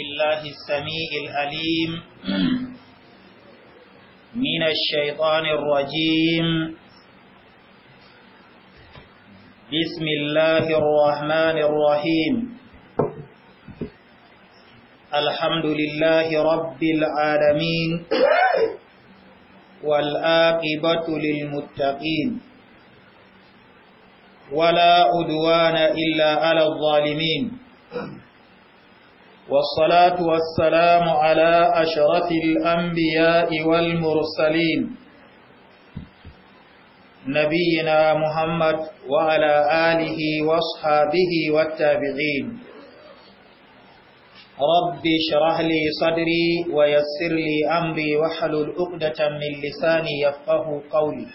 بالله السميع الأليم من الشيطان الرجيم بسم الله الرحمن الرحيم الحمد لله رب العالمين والآقبة للمتقين ولا أدوان إلا على الظالمين والصلاة والسلام على أشرف الأنبياء والمرسلين نبينا محمد وعلى آله واصحابه والتابعين رب شرح لي صدري ويسر لي أمري وحل الأقدة من لساني يفقه قولي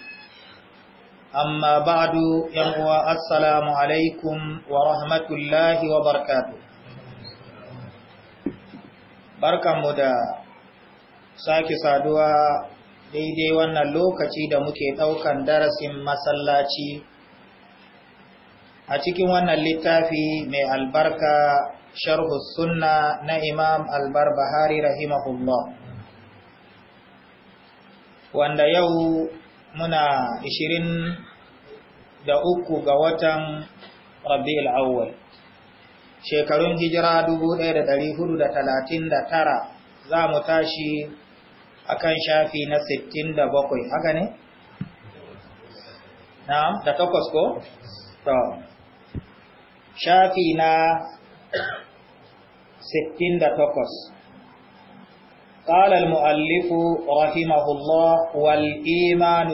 أما بعد يقوى السلام عليكم ورحمة الله وبركاته barkanmu da sake saduwa daidai wannan lokaci da muke ɗaukan darasin masallaci a cikin wannan littafi mai albarka sharhu sunna na imam albar bahari rahimahullah wanda yau muna 23 ga watan rabi'ul awwal shekarun hijira tara, za mu tashi kan shafi na 67 haka ne? na da takwas ko? to shafi na 68 قال المؤلف رحمه الله والإيمان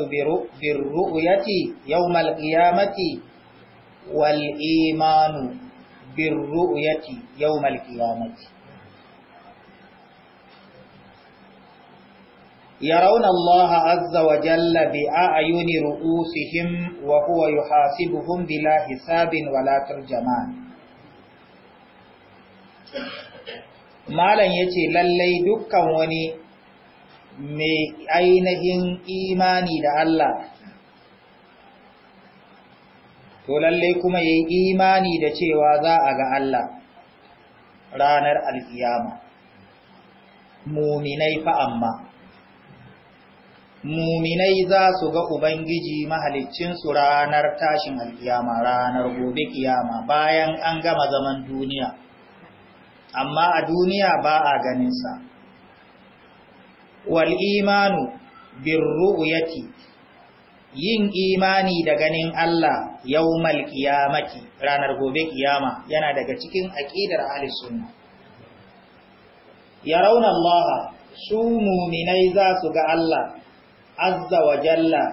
بالرؤية يوم القيامة والإيمان بالرؤية يوم القيامة يرون الله عز وجل بأعين رؤوسهم وهو يحاسبهم بلا حساب ولا ترجمان malam ya ce lallai dukkan wani mai ainihin imani da Allah to lalle kuma yayi imani da cewa za a ga Allah ranar alkiyama muminai fa amma muminai za su ga ubangiji mahaliccin su ranar tashin alkiyama ranar gobe kiyama bayan an gama zaman duniya amma a duniya ba a ganin sa wal imanu birru'yati yin imani da ganin Allah yawmal kiyamati ranar gobe kiyama yana daga cikin aqidar ahlus sunna yarawna Allah su mu'minai za su ga Allah azza wa jalla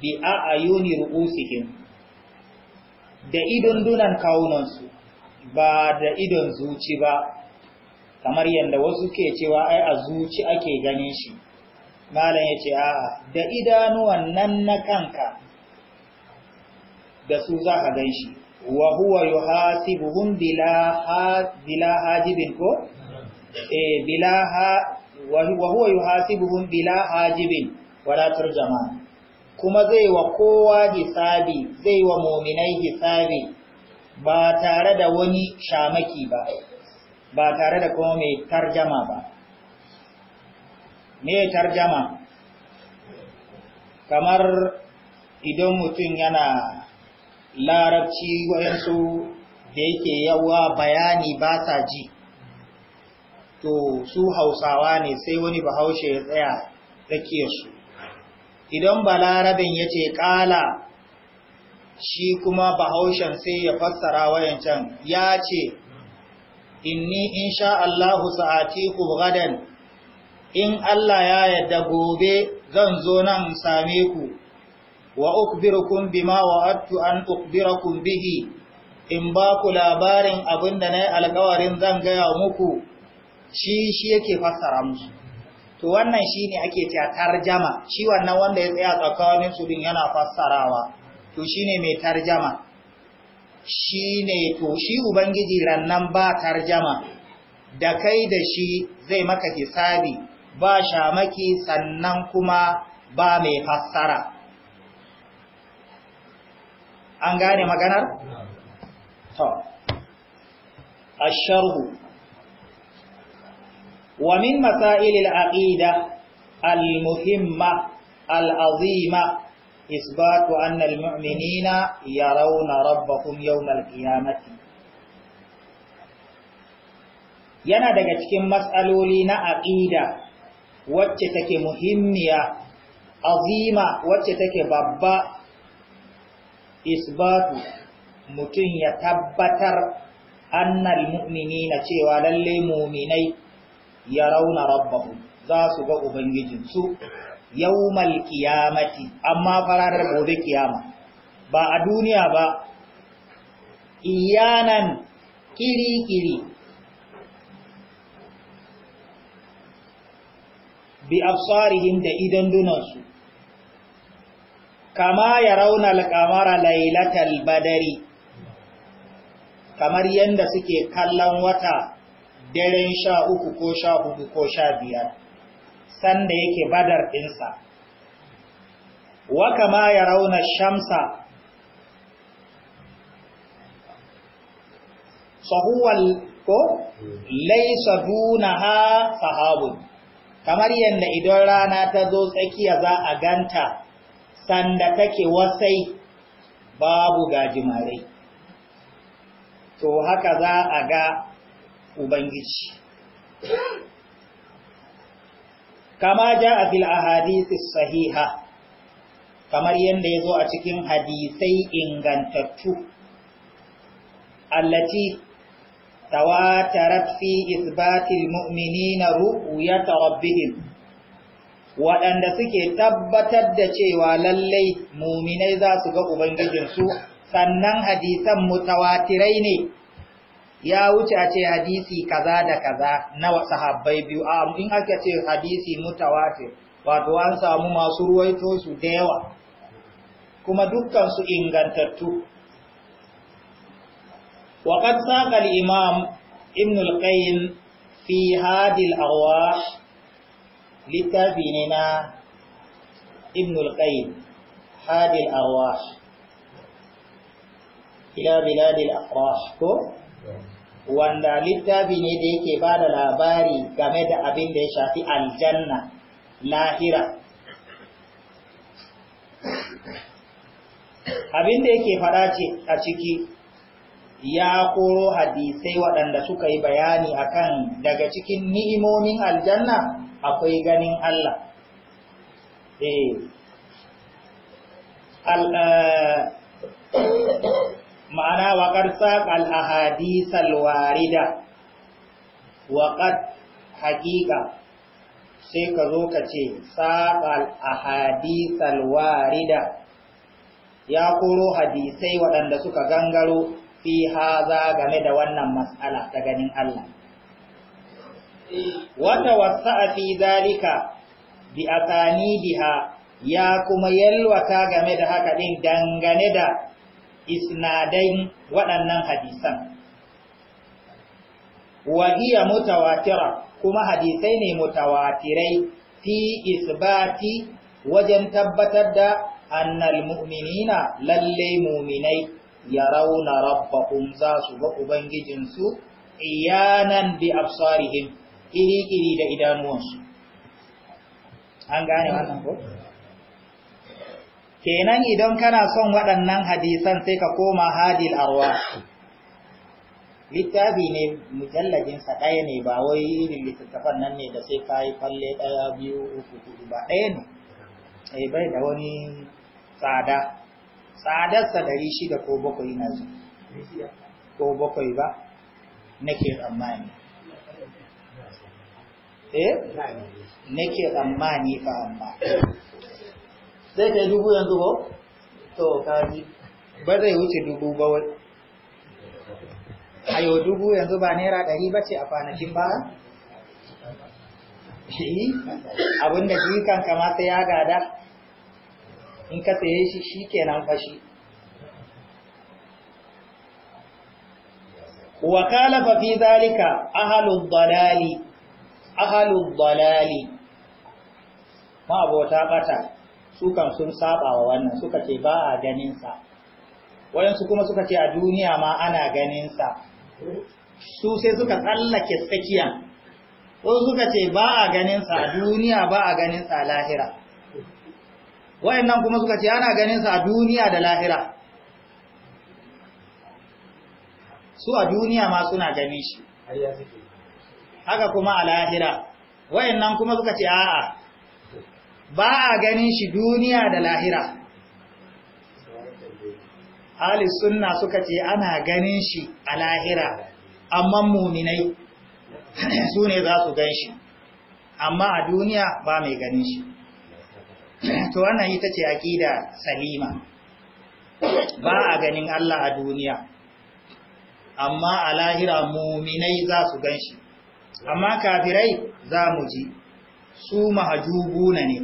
bi a'yuni ru'usihim da idon dunan kawunansu ba da idon zuci ba kamar yadda wasu ke cewa ai a zuci ake ganin shi malam ya ce a'a da idanuwan nan na kanka da su za ka gan shi wa huwa yuhasibuhum bila ha bila hajibin ko eh bila ha wa huwa yuhasibuhum bila hajibin wala tarjama kuma zai wa kowa hisabi zai wa mu'minai hisabi ba tare da wani shamaki ba ba tare da kuma mai tarjama ba me tarjama kamar idan mutum yana larabci wayansu da yake yawa bayani ba sa ji to su hausawa ne sai wani bahaushe ya tsaya tsakiyarsu idan balarabin ya ce ƙala shi kuma bahaushen sai ya fassara wayancan ya ce inni insha Allahu sa'atiku gadan in Allah ya yadda gobe zan zo nan same ku wa ukbirukum bima wa'adtu an ukbirakum bihi in ba ku labarin abinda na yi alkawarin zan gaya muku shi shi yake fassara musu to wannan shi ne ake cewa tarjama shi wannan wanda ya tsaya tsakanin su din yana fassarawa to shi ne mai tarjama shi ne to shi ubangiji rannan ba tarjama da kai da shi zai maka hisabi ba shamaki sannan kuma ba mai fassara an gane maganar? to sharhu. wa min masailil aƙida al-muhimma al-azima إثبات أن المؤمنين يرون ربهم يوم yana daga cikin matsaloli na aƙida wacce take muhimmiya azima wacce take babba isbatu mutum ya tabbatar annal mu'minina cewa lalle mu'minai ya rauna rabbahu za su ga ubangijinsu yawmal qiyamati amma fararar gobe kiyama ba a duniya ba iyanan kiri-kiri bi afsarihim da idan dunansu kama ya rauna alƙamara lailatal badari kamar yadda suke kallon wata daren sha uku ko sha hudu ko sha biyar sanda yake badar ɗinsa wa kama ya rauna shamsa sahuwal ko laisa dunaha sahabun kamar yadda idan rana ta zo tsakiya za a ganta sanda take wasai babu gajimare to haka za a ga ubangiji kama ja a fil ahadisi sahiha kamar yadda ya zo a cikin hadisai ingantattu allati tawatarat fi isbatil mu'minina ru'yata rabbihim waɗanda suke tabbatar da cewa lallai muminai za su ga ubangijinsu sannan hadisan mutawatirai ne ya wuce a ce hadisi kaza da kaza na sahabbai biyu a in aka ce hadisi mutawatir wato an samu masu ruwaito su da yawa kuma dukkan su ingantattu وقد ساق الإمام ابن القيم في هذه الأرواح لتابيننا ابن القيم هذه الأرواح إلى بلاد الأفراح wanda littafi ne da yake ba da labari game da abin da ya shafi aljanna lahira abin da yake faɗa ce a ciki ya koro hadisai waɗanda suka yi bayani akan daga cikin ni'imomin aljanna akwai ganin Allah. Eh, eh ma'ana waƙar saƙal a hadisal wa waƙar haƙiƙa sai ka zo ka ce saƙal a warida ya koro hadisai waɗanda suka gangaro fi haza game da wannan mas'ala ta ganin Allah. Wata wasa'a fi zalika bi asani biha ya kuma yalwata game da haka ɗin dangane da isnadai waɗannan hadisan. Wahiya mutawatira kuma hadisai ne mutawatirai fi isbati wajen tabbatar da annal mu'minina lalle mu'minai ya rauna rabbahum za su ga Ubangijinsu, iyanan bi absarihim iri-iri da idanuwansu. An gane wannan ko? Kenan idan kana son waɗannan hadisan sai ka koma hadil arwa. Littafi ne mujallajinsa ɗaya ne ba wai irin littattafan nan ne da sai ka yi falle ɗaya biyu uku hudu ba ɗaya ne. Ai bai da wani tsada. tsadarsa ɗari shida ko bakwai na zu ko bakwai ba nake tsammani eh nake tsammani fa amma zai kai dubu yanzu ko to kaji ba zai wuce dubu ba wai a yau dubu yanzu ba naira ɗari ba ce a kwanakin ba abinda shi kan kamata ya gada in ka saye shi shi ke nan fashi wa kalafa fi zalika ahalul dalali ahalul dalali ma abota ɓata sukan sun saba wa wannan suka ce ba a ganinsa. sa wayansu kuma suka ce a duniya ma ana ganinsa. sa su sai suka tsallake tsakiyan ko suka ce ba a ganinsa a duniya ba a ganinsa a lahira nan kuma suka ce ana ganin sa a duniya da lahira su a duniya ma suna gani shi haka kuma a lahira nan kuma suka ce a'a ba a ganin shi duniya da lahira ahli sunna suka ce ana ganin shi a lahira amma muminai su ne za su gan shi amma a duniya ba mai ganin shi to wannan ita ce aƙida salima ba a ganin Allah a duniya amma a lahira muminai za su gan shi amma kafirai za mu ji su mahajubuna ne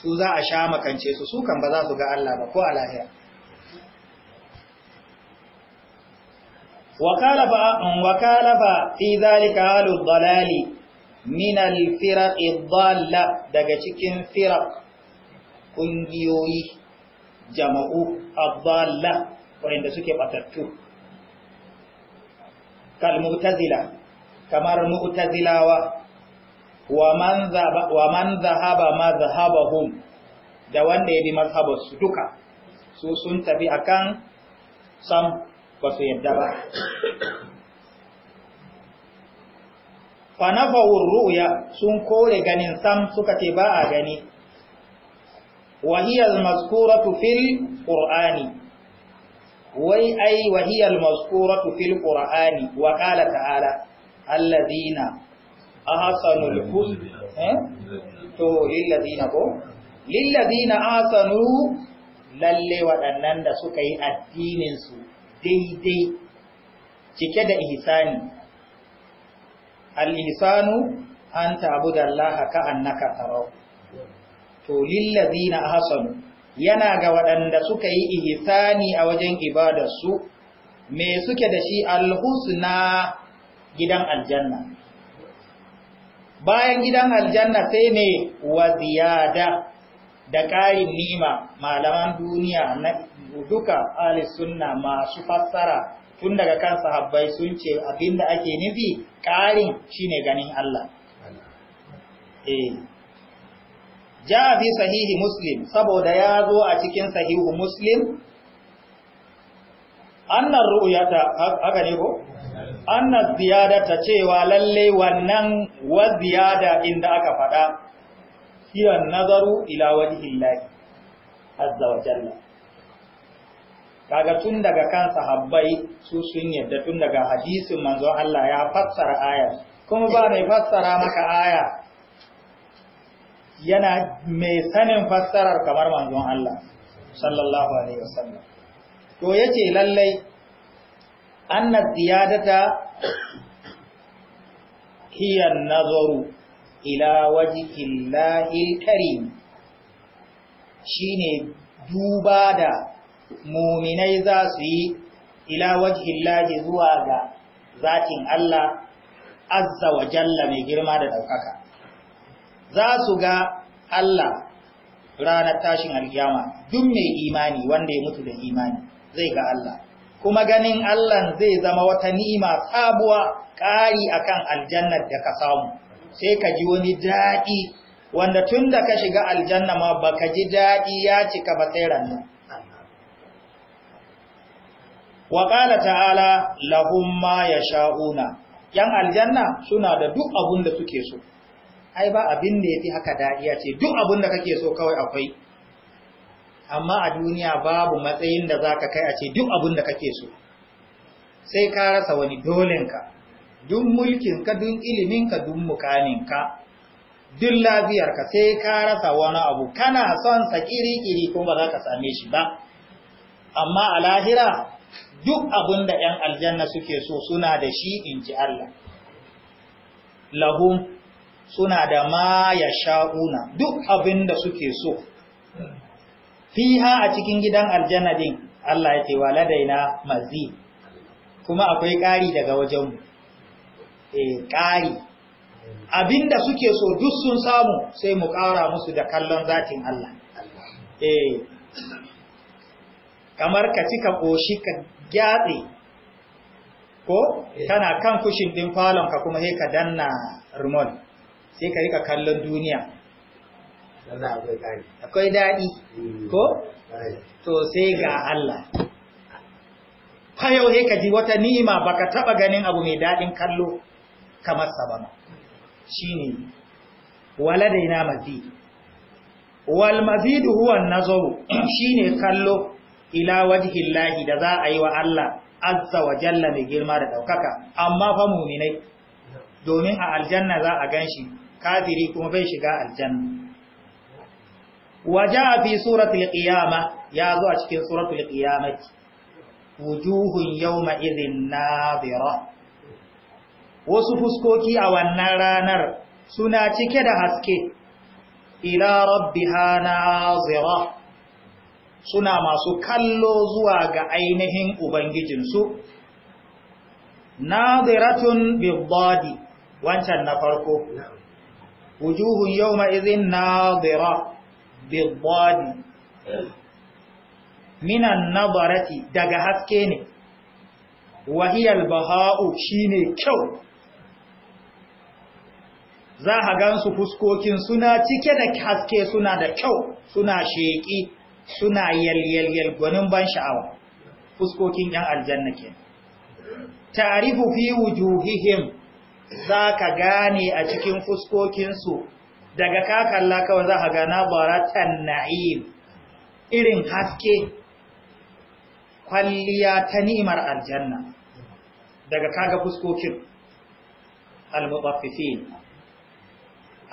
su za a sha makance su su kan ba za su ga Allah ba ko a lahira wakala ba fi zalika halin dalali min alfirar idalla daga cikin firar ƙungiyoyi jama'u abdalla waɗanda suke batattu kalmu'tazila kamar mu'tazilawa wa man zahaba ma hun, da wanda ya bi mazhabarsu duka su sun tafi a kan sam ba su yadda ba fanafawun ru'ya sun kore ganin sam suka ce ba a gani wahiyar maskuratu fil ƙur'ani wai ai wahiyar maskuratu fil ƙur'ani wa ƙala ta'ala allazina ahsanul husna eh to illazina ko lalle waɗannan da suka yi addininsu daidai cike da ihsani al-ihsanu an ka annaka tarahu to lillazina ahsanu yana ga waɗanda suka yi ihsani a wajen su, me suke da shi alhusna gidan aljanna bayan gidan aljanna sai ne wa ziyada da ƙarin nima malaman duniya na duka ahli sunna masu fassara tun daga kan sahabbai sun ce abinda ake nufi ƙarin shine ganin Allah eh ja fi sahihi muslim saboda ya zo a cikin sahihu muslim annar ru'yata haka ne ko annar ziyadata cewa lalle wannan wa ziyada inda aka faɗa hiya nazaru ila wajhillahi azza wa jalla kaga tun daga kan sahabbai su sun yadda tun daga hadisin manzo Allah ya fassara aya kuma ba mai fassara maka aya yana mai sanin fassarar kamar manzon Allah sallallahu alaihi wasallam to yace lallai anna ziyadata hiya nazaru ila wajhi karim shine duba da muminai za su yi ila wajhi zuwa ga zatin Allah azza wa jalla mai girma da daukaka za su ga Allah ranar tashin alkiyama duk mai imani wanda ya mutu da imani zai ga Allah kuma ganin Allah zai zama wata ni'ima sabuwa ƙari akan aljannar da ka samu sai ka ji wani daɗi wanda tun da ka shiga aljanna ma baka ji daɗi ya cika ba sai ranar wa ƙala ta'ala lahumma ya sha'una. yan aljanna suna da duk abun da suke so ai ba abin da ya fi haka daɗi ce duk abin da kake so kawai akwai amma a duniya babu matsayin da za ka kai a ce duk abin da kake so sai ka rasa wani dolenka duk mulkinka duk iliminka duk mukaninka duk lafiyarka sai ka rasa wani abu kana son sa kiri-kiri kuma ba za ka same shi ba amma a lahira duk abin da ‘yan aljanna suke so suna da shi in ji Allah lahum suna da ma ya sha'una duk abin da suke so fiha a cikin gidan aljanadin, Allah ya ce wa ladaina mazi kuma akwai ƙari daga wajen eh ƙari abinda suke so duk sun samu sai mu ƙara musu da kallon zatin Allah eh kamar ka cika ƙoshi, ka gyatse ko tana eh. kan kushin ɗin falon ka kuma sai ka danna remote sai ka rika kallon duniya akwai daɗi mm. ko to sai ga Allah fayau ka ji wata ni'ima baka taɓa ganin abu mai daɗin kallo kamar sa ba shine waladaina mafi wal mazidu huwa nazaru ne kallo ila wajhillahi da za a yi wa Allah azza wa jalla mai girma da ɗaukaka. amma fa mu'minai domin a aljanna za a gan shi. kafiri kuma bai shiga aljanna waja fi suratul qiyama ya zo a cikin suratul qiyamati wujuhun yawma idhin nadira wasu fuskoki a wannan ranar suna cike da haske ila rabbiha nazira suna masu kallo zuwa ga ainihin ubangijinsu nadiratun bibadi wancan na farko wujuhun yawma idhin nadira bidadi minan nadarati daga haske ne wahiyal baha'u shine kyau za a gansu fuskokin suna cike da haske suna da kyau suna sheƙi suna yalyalyal gwanin ban sha'awa fuskokin 'yan aljanna ke tarifu fi wujuhihim za ka gane a cikin fuskokinsu daga kakalla kawai za ka gana baratan na'im irin haske kwalliya ta ni'imar aljanna daga kaga fuskokin al-mutaffifin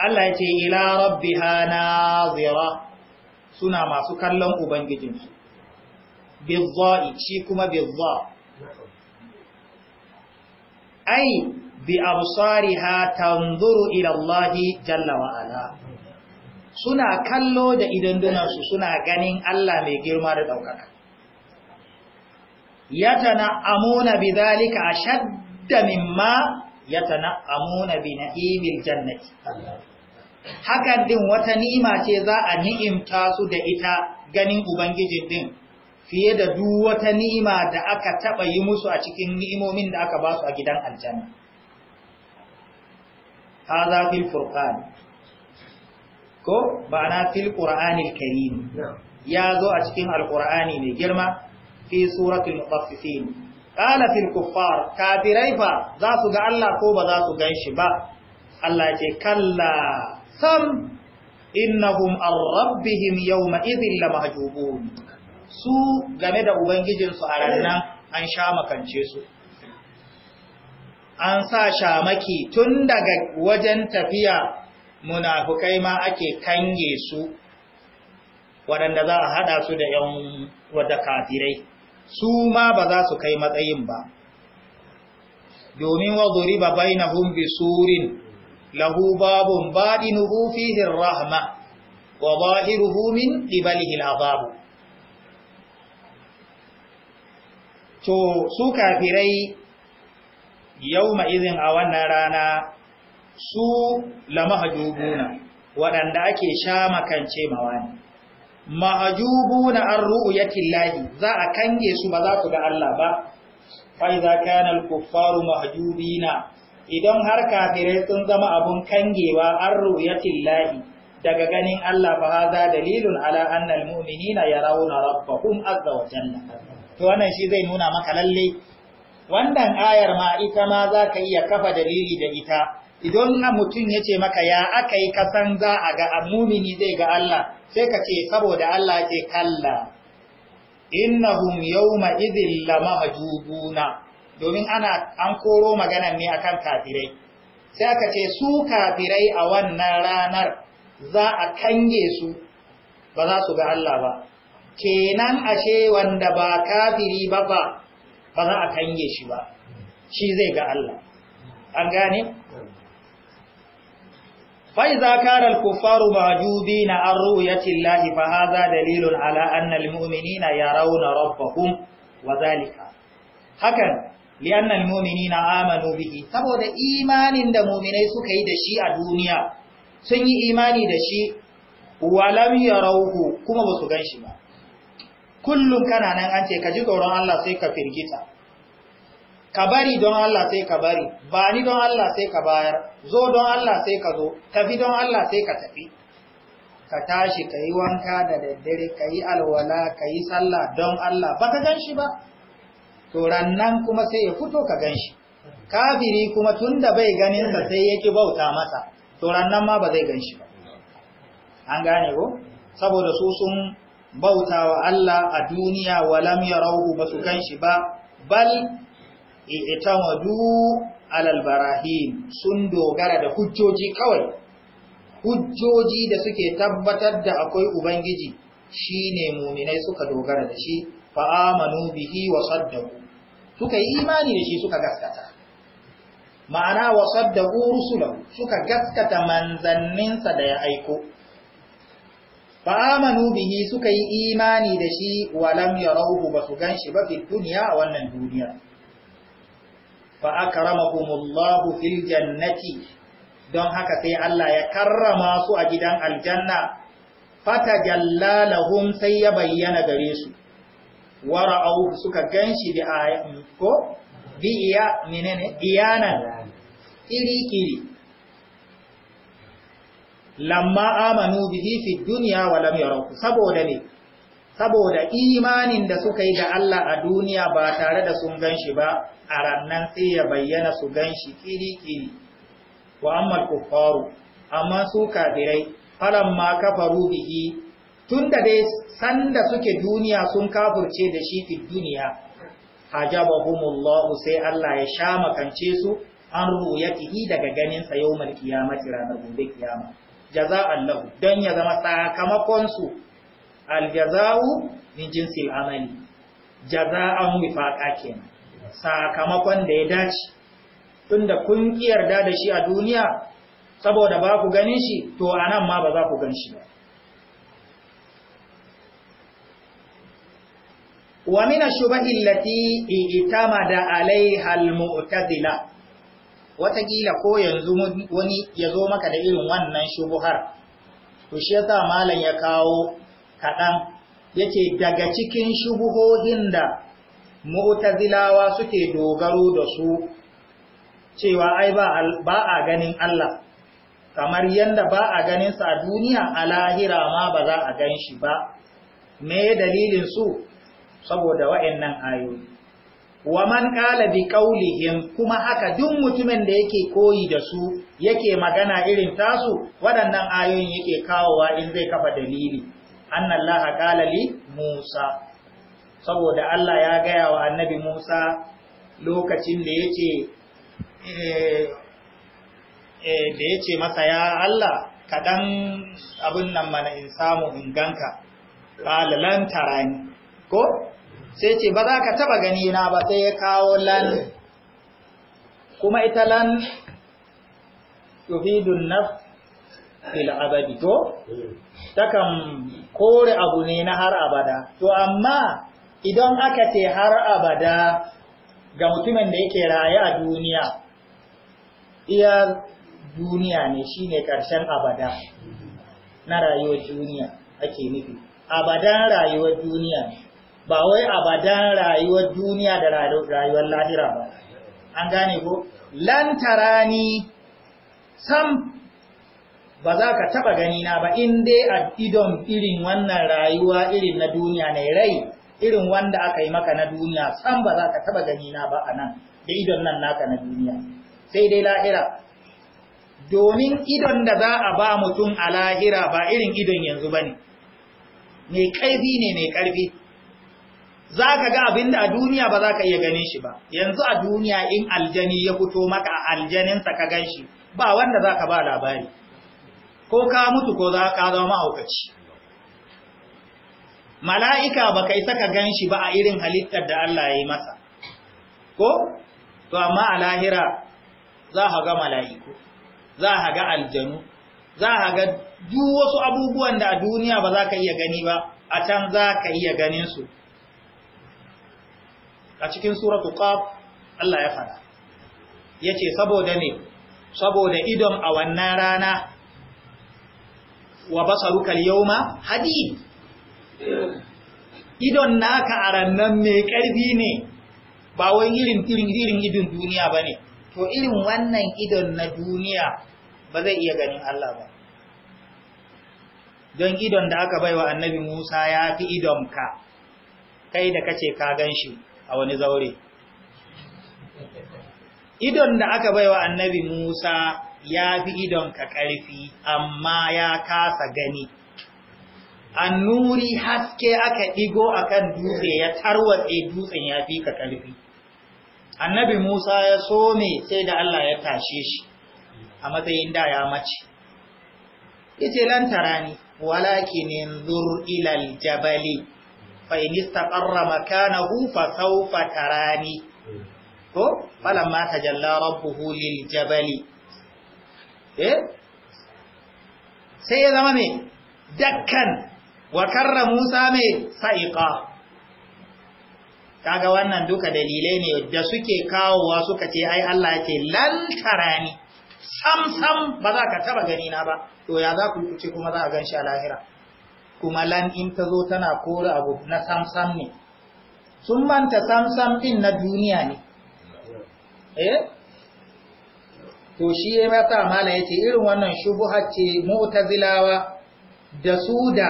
Allah ya ce ila rabbiha nazira suna masu kallon ubangijinsu bizzai shi kuma bizza ai bi absariha tanzuru ila Allah jalla wa ala suna kallo da su suna ganin Allah mai girma da daukaka yatana'amuna bidhalika ashadda mimma amuna bi na'imil jannati hakan din wata ni'ima ce za a ni'imta su da ita ganin ubangijin din fiye da duk wata ni'ima da aka taba yi musu a cikin ni'imomin da aka ba su a gidan aljanna hadha fil furqan ko ma'ana fil qur'anil ya zo a cikin alƙur'ani mai girma fi suratul mutaffifin qala fil kuffar kafirai fa za su ga Allah ko ba za su ganshi ba Allah ya ce kalla sam innahum an rabbihim yawma idhin lamahjubun su game da ubangijinsu a rannan an sha makance su an sa shamaki tun daga wajen tafiya munafukai ma ake kange su waɗanda za a haɗa su da ‘yan wadda kafirai su ma ba za su kai matsayin ba domin wazuri ba bai na humbi surin lahu babun baɗin hufihin rahama wa ba'ir humin ɗibalihil azabu to su kafirai Yau ma'izin a wannan rana su lamahjubuna waɗanda ake sha makance mawa ne mahjubuna an ru'yatillahi za a kange su ba za su ga Allah ba fa idza kana al-kuffaru mahjubina idan har kafirai sun zama abun kangewa an ru'yatillahi daga ganin Allah fa haza dalilun ala anna ya muminina yarawna rabbahum azza wa jalla to wannan shi zai nuna maka lalle wannan ayar ma ita ma za ka iya kafa dalili da ita idan mutum ya ce maka ya aka yi kasan za a ga amumini zai ga Allah sai ka ce saboda Allah ke kalla innahum yawma idhil lamahjubuna domin ana an koro magana ne akan kafirai sai ka ce su kafirai a wannan ranar za a kange su ba za su ga Allah ba kenan ashe wanda ba kafiri ba ba ba za a kange shi ba shi zai ga Allah an gane فإذا كان na معجوبين عن رؤية الله فهذا دليل على أن المؤمنين يرون ربهم وذلك hakan li'anna almu'minina amanu bihi saboda imanin da mu'minai suka yi da shi a duniya sun yi imani da shi walam yarauhu kuma basu ganshi ba kullum kana nan an ce ka ji tsoron Allah sai ka firgita ka bari don Allah sai ka bari ba ni don Allah sai ka bayar zo don Allah sai ka zo tafi don Allah sai ka tafi ka tashi ka yi wanka da daddare ka yi alwala ka yi sallah don Allah ba ka gan shi ba to rannan kuma sai ya fito ka gan shi kafiri kuma tun da bai ganinsa sai yake bauta masa to rannan ma ba zai gan shi ba an gane ko saboda su sun bautawa Allah a duniya walam ba su ganshi ba bal i'tamadu alal barahim sun dogara da hujjoji kawai hujjoji da suke tabbatar da akwai ubangiji shine muminai suka dogara da shi fa amanu bihi wa saddaqu suka yi imani da shi suka gaskata ma'ana wa saddaqu rusulahu suka gaskata manzanninsa da ya aiko fa'amanu bihi suka yi imani da shi walam Rauhu ba su gan shi ba fi duniya a wannan duniya fa'akaramakumullahu fil jannati don haka sai Allah ya karrama su a gidan aljanna fata jallalahum sai ya bayyana gare su wara'au suka gan shi bi ko bi iya iyanan iri-iri lamma amanu bihi fi dunya wa lam yarawhu saboda ne saboda imanin da suka yi da Allah a duniya ba tare da sun ganshi ba a rannan sai ya bayyana su ganshi kiri-kiri wa amma kuffaru amma su kafirai ma kafaru bihi tunda dai sanda suke duniya sun kafurce da shi fi duniya hajabahumullahu sai Allah ya sha kance su an ru'yatihi daga ganin sa yawmal qiyamati ranar gobe kiyama jaza'an lahu don ya zama sakamakon su aljaza'u min jinsil amali jaza'an wifaqa kenan sakamakon da ya dace tunda kun yarda da shi a duniya saboda ba ku ganin shi to anan ma ba za ku gan shi ba wa min ash-shubahi allati itamada alaiha al-mu'tazila watakila ko yanzu wani ya zo maka da irin wannan shubuhar to shi yasa malam ya kawo kaɗan yake daga cikin shubuhohin da mu'tazilawa suke dogaro da su cewa ai ba a ganin Allah kamar yadda ba a ganin sa a duniya a lahira ma ba za a gan shi ba me dalilin su saboda wa'annan ayoyi wa man qala bi qawlihim kuma haka duk mutumin da yake koyi da su yake magana irin tasu waɗannan ayoyin yake kawowa in zai kafa dalili annallaha qala li musa saboda Allah ya gaya wa annabi musa lokacin da yace eh, eh, da yace masa ya Allah kaɗan abin nan mana in samu in ganka qala lan tarani ko sai ce ba za ka taba gani na ba sai ya kawo lan kuma ita lan tufidun naf fil abadi to takan kore abu ne na har abada to amma idan aka ce har abada ga mutumin da yake raye a duniya iya duniya ne shine karshen abada na rayuwar duniya ake nufi abadan rayuwar duniya ba wai abadan rayuwar duniya da rayuwar lahira ba an gane ko lantarani sam ba za ka taba ganina ba in dai a idon irin wannan rayuwa irin na duniya ne rai irin wanda aka yi maka na duniya sam ba za ka taba ganina ba a nan da idon nan naka na duniya sai dai lahira domin idon da za a ba mutum a lahira ba irin idon yanzu ba ne mai kaifi ne mai ƙarfi za ka ga abinda a duniya ba za ka iya ganin shi ba yanzu a duniya in aljani ya fito maka a aljaninsa ka gan shi ba wanda za ka ba labari ko ka mutu ko za ka zama mahaukaci mala'ika ba ka isa ka gan shi ba a irin halittar da Allah ya yi masa ko to amma a lahira za ka ga mala'iku za ka ga aljanu za ka ga duk wasu abubuwan da a duniya ba za ka iya gani ba a can za ka iya ganinsu a cikin suratu qaf Allah ya fada yace saboda ne saboda idon a wannan rana wa basaruka yawma hadid idon naka a rannan mai ƙarfi ne ba wai irin irin irin idon duniya bane to irin wannan idon na duniya ba zai iya ganin Allah ba don idon da aka baiwa annabi Musa ya fi idon ka kai da kace ka gan shi a wani zaure idon da aka baiwa annabi Musa ya fi idon ka ƙarfi amma ya kasa gani annuri haske aka ɗigo akan dutse ya tarwatse dutsen ya fi ka ƙarfi annabi Musa ya some sai da Allah ya tashe shi a matsayin da ya mace yace lantara ne walakinin zur ilal jabali fa in istaqarra hufa saufa sawfa tarani ko falamma tajalla rabbuhu lil jabali eh sai ya zama me dakkan wa karra musa me sa'iqa kaga wannan duka dalilai ne da suke kawowa suka ce ai Allah ce lan tarani sam sam ba za ka taba gani na ba to ya za ku yi kuma za a gan shi a lahira kuma lan in ta zo tana kore abu na samsam ne sun manta samsam din na duniya ne eh to shi ya mata mala yace irin wannan shubuha ce mu'tazilawa da su da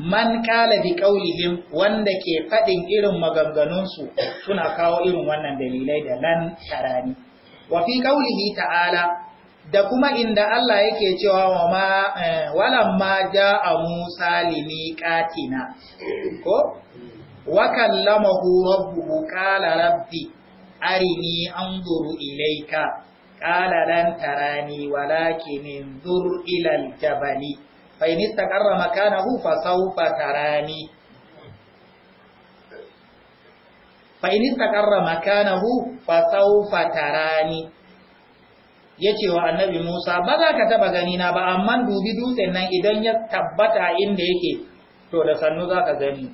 man kala bi wanda ke faɗin irin maganganunsu suna kawo irin wannan dalilai da lan sharani. wa fi ta'ala da kuma inda Allah yake cewa wa ma ja eh, ja'a Musa katina, ko wa kallamahu rabbuhu qala rabbi arini anzuru ilayka qala lan tarani walakin anzur ila al-jabali fa in istaqarra makanahu fa sawfa tarani fa in istaqarra makanahu fa sawfa tarani ya ce wa annabi Musa ba za ka taba gani na ba amma dubi dutsen nan idan ya tabbata inda yake to da sannu za ka gani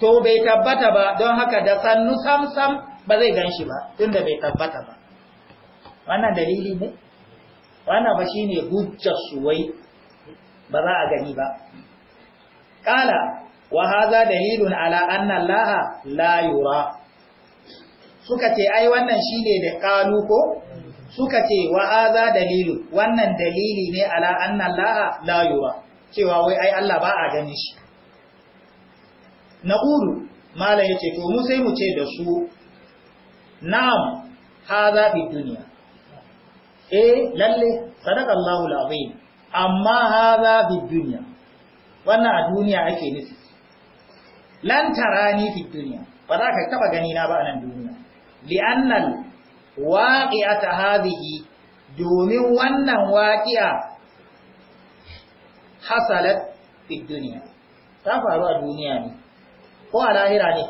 to bai tabbata ba don haka da sannu sam sam ba zai gan shi ba tunda bai tabbata ba wannan dalili ne wannan ba shine hujjar suwai ba za a gani ba qala wa hadha dalilun ala anna allaha la yura suka ce ai wannan shine da ƙalu ko suka ce wa aza dalilu wannan dalili ne ala anna la'a la yura cewa wai ai Allah ba a ganin shi uru mala yace to mu sai mu ce da su na'am hadha fi dunya eh lalle sadaka Allahu alazim amma hadha fi dunya wannan a duniya ake nufi lan tarani fi dunya ba za ka taba gani na ba a nan duniya li'annal ta hadhihi domin wannan waqi'a hasalat fi duniya ta faru a duniya ne ko a lahira ne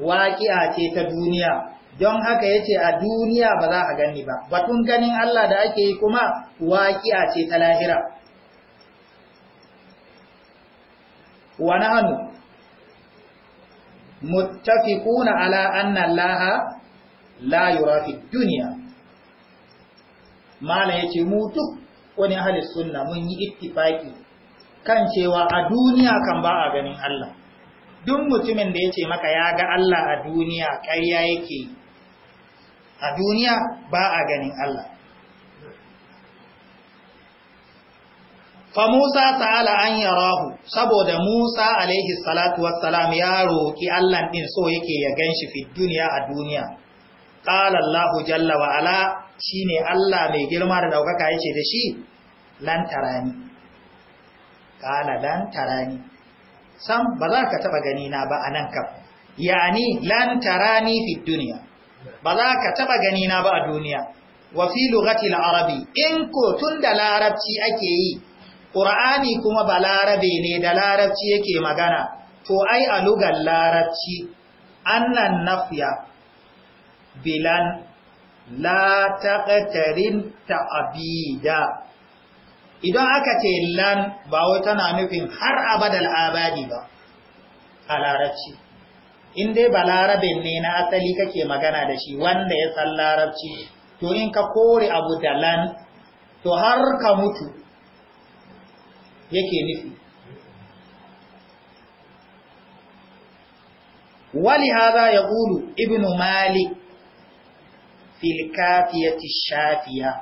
waqi'a ce ta duniya don haka yace a duniya ba za a gani ba batun ganin Allah da ake yi kuma waqi'a ce ta lahira wa nahnu muttafiquna ala anna Allah la yura fi duniya mala yace mu duk wani ahli sunna mun yi ittifaki kan cewa a duniya kan ba a ganin Allah duk mutumin da yace maka ya ga Allah a duniya ƙarya yake a duniya ba a ganin Allah fa Musa ta'ala an yarahu saboda Musa alaihi salatu wassalam ya roki Allah din so yake ya ganshi fi duniya a duniya qala jalla wa'ala shi ne Allah mai girma da daukaka ce da shi lan tarani qala lan ni. sam ba za ka taba gani ba anan kam yani lan tarani fi ba za ka taba gani ba a duniya wa fi arabi in ko tun da larabci ake yi Ƙur'ani kuma ba larabe ne da larabci yake magana to ai a lugar larabci annan nafiya bilan la taqtarin ta'abida idan aka ce lan ba wai tana nufin har abadal abadi ba a larabci in dai ba ne na asali kake magana da shi wanda ya san larabci to in ka kore abu da to har ka mutu yake nufi wali hada ya ƙulu ibnu malik fil kafiyati shafiya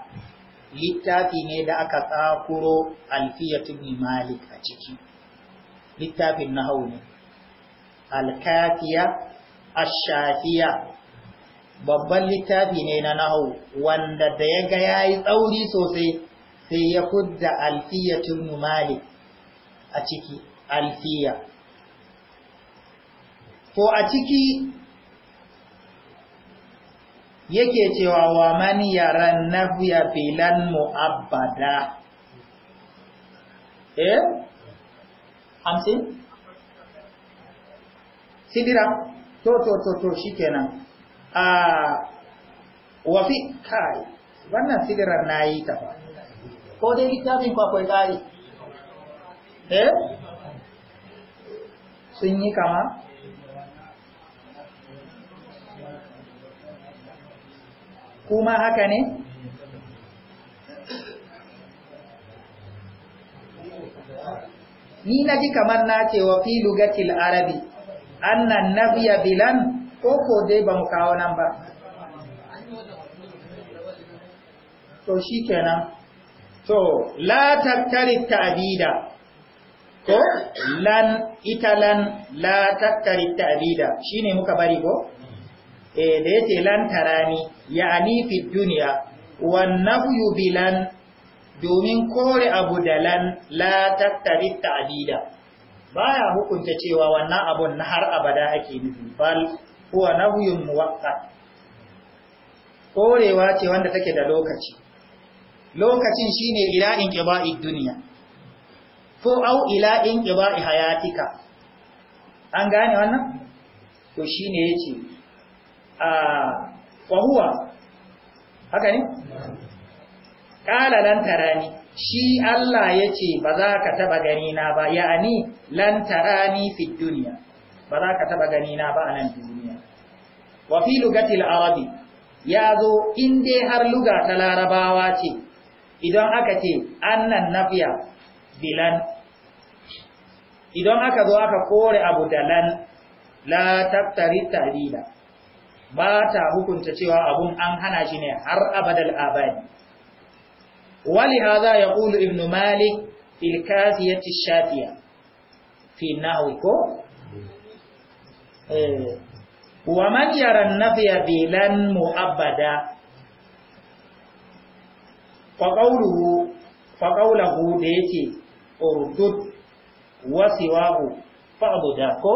littafi ne da aka tsakuro alfiyatu malik a ciki littafin nahawu ne alkafiya ashafiya babban littafi ne na nahawu wanda da ya ga yayi tsauri sosai sai ya kudda alfiyatu bin malik a ciki alfiya Ko a ciki yake cewa wa man yaran nafiya filan mu'abbada eh amsi sidira to to to to shikenan a ah, wa fi kai wannan sidira nayi ta fa ko dai littafin ko akwai kai eh sun yi kama kuma haka ne ni na ji kamar na ce wa fi lugatil arabi annan nabiya bilan ko ko dai ba mu kawo nan ba to shi kenan to la tattari ta'bida ko lan italan la tattari ta'bida shine muka bari ko eh da yace lan tarani ya'ani fi duniya wan nafyu bilan domin kore abu da lan la ta'adida? Ba ya hukunta cewa wannan abun na har abada ake nufi bal huwa nahyun muwaqqat korewa ce wanda take da lokaci lokacin shine ila inqiba'i dunya ko au ila inqiba'i hayatika an gane wannan to shine yace a wahuwa haka ne? ƙala lantarani shi Allah ya ce ba za ka taɓa ganina ba ya'ani lantarani fi duniya ba za ka taɓa ganina ba a nan duniya Wafi lugatil arabi ya zo in har luga ta larabawa ce idan aka ce annan nafiya bilan idan aka zo aka kore abu da lan la taftari tabila ba ta hukunta cewa abun an hana shi ne har abadal abadi wali ya yaqulu ibnu malik fil kasiyati shafiya fi nahwi ko eh wa man yara nafiya bilan mu'abbada fa fa qawluhu da yake urdud wasiwahu fa'buda ko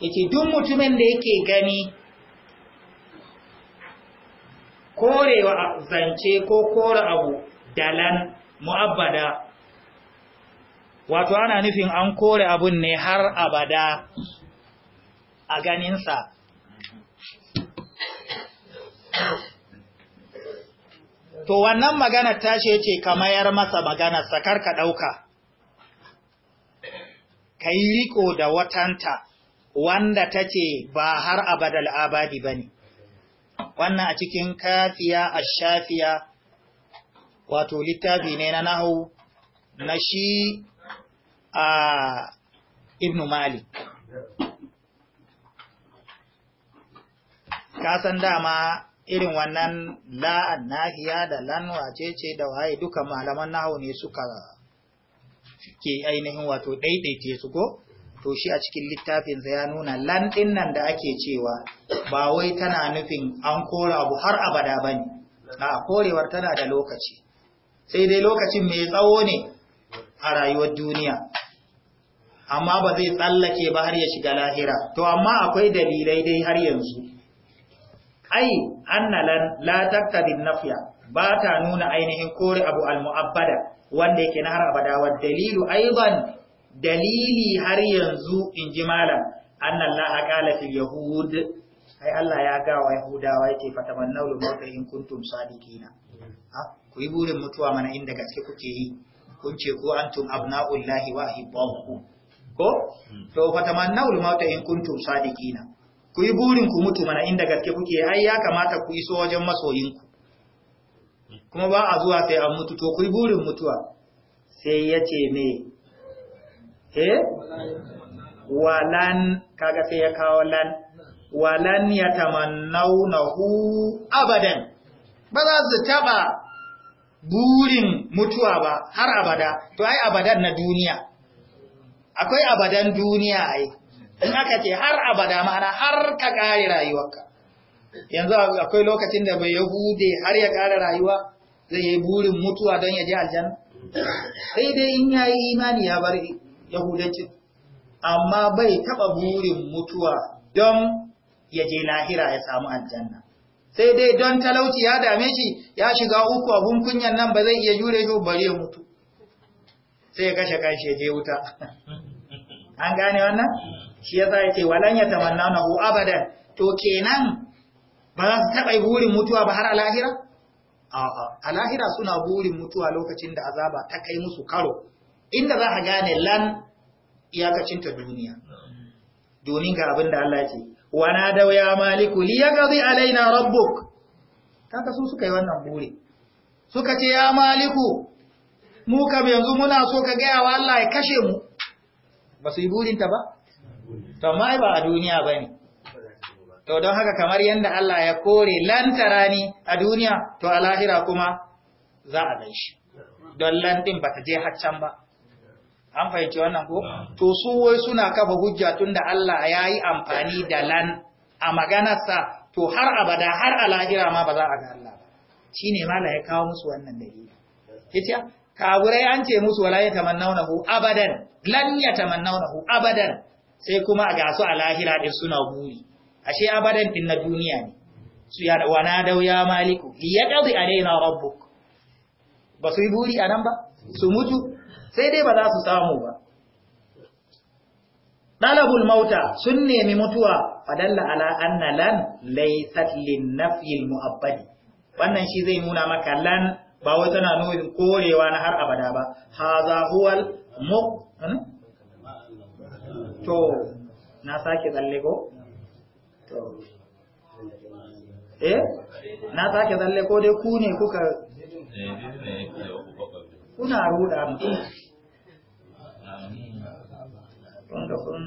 Yake duk mutumin da yake gani korewa zance ko kore abu dalan mu'abbada wato ana nufin an kore abun ne har abada a ganinsa to wannan magana tashi ce kamayar masa magana sakar ka ɗauka ka yi riko da watanta wanda ta ce ba har abadal abadi ba ne wannan a cikin kafiya a shafiya wato littafi ne na nahu na shi a ibnu malik kasan dama irin wannan la'an nahiya da lan wacece da waye duka malaman nahu ne suka ke ainihin wato ɗaiɗaice su ko to shi a cikin littafinsa ya nuna lan nan da ake cewa ba wai tana nufin an kora abu har abada ba ne a korewar tana da lokaci sai dai lokacin mai tsawo ne a rayuwar duniya amma ba zai tsallake ba har ya shiga lahira to amma akwai dalilai dai har yanzu ai annalan la taktabin nafya ba ta nuna ainihin kore abu al-mu'abbada wanda yake na har abada wa dalilu aiban dalili har yanzu in ji malam anna laha ƙala fil yahud ai Allah ya ga wa yahudawa yace fatamannaw lil mawt in kuntum sadiqina ha ku yi burin mutuwa mana inda gaske kuke yi kun ce ko antum abna'ullahi wa ahibbahu ko hmm. to fatamannaw lil mawt in kuntum sadiqina ku yi burin ku mutu mana inda gaske kuke ai ya kamata ku iso wajen masoyinku kuma ba a zuwa sai an mutu to ku yi burin mutuwa sai yace me eh walan kaga sai ya kawo lan walan tamannaunahu abadan ba za su taba burin mutuwa ba har abada to ai abadan na duniya akwai abadan duniya ai in aka ce har abada ma'ana har ka kare rayuwarka yanzu akwai lokacin da bai yahude har ya kare rayuwa zai yi burin mutuwa don ya je aljanna sai dai in yayi imani ya bar Yahudanci. amma bai taɓa burin mutuwa don ya je lahira ya samu aljanna sai dai don talauci ya dame shi ya shiga uku abun kunyan nan ba zai iya jure shi bari ya mutu sai ya kashe kanshi ya je wuta an gane wannan shi ya zai ce walan ya tamanna na hu abadan to kenan ba za su taɓa burin mutuwa ba har a lahira? a lahira suna burin mutuwa lokacin da azaba ta kai musu karo inda za a gane lan iyakacinta duniya domin ga abin da Allah ce wana dau ya maliku li yaqdi alaina rabbuk kanka su suka yi wannan buri suka ce ya maliku mu kam yanzu muna so ka ga wa Allah ya kashe mu ba su yi burin ta ba to mai ba a duniya bane to don haka kamar yanda Allah ya kore lan tarani a duniya to a lahira kuma za a ganshi don lan din ba ta je haccan ba an fahimci wannan ko to su wai suna kafa hujja tunda Allah ya yi amfani da lan a maganarsa to har abada har al'ahira ma ba za a ga Allah ba shine ma ya kawo musu wannan dalili yace kaburai an ce musu wala yatamannawnahu abadan lan yatamannawnahu abadan sai kuma a gasu a lahira din suna buri ashe abadan din na duniya ne su ya na dau ya maliku qadi alaina rabbuk ba su yi buri anan ba su mutu sai dai ba za su samu ba dalabul mauta sun nemi mutuwa fadalla ala anna lan laysat lin nafyil muabbadi wannan shi zai nuna maka lan ba wai tana nufin korewa na har abada ba haza huwal mu hmm? to na sake tsalle ko to eh na sake tsalle ko dai ku ne kuka eh, kuna ruda mu wanda kun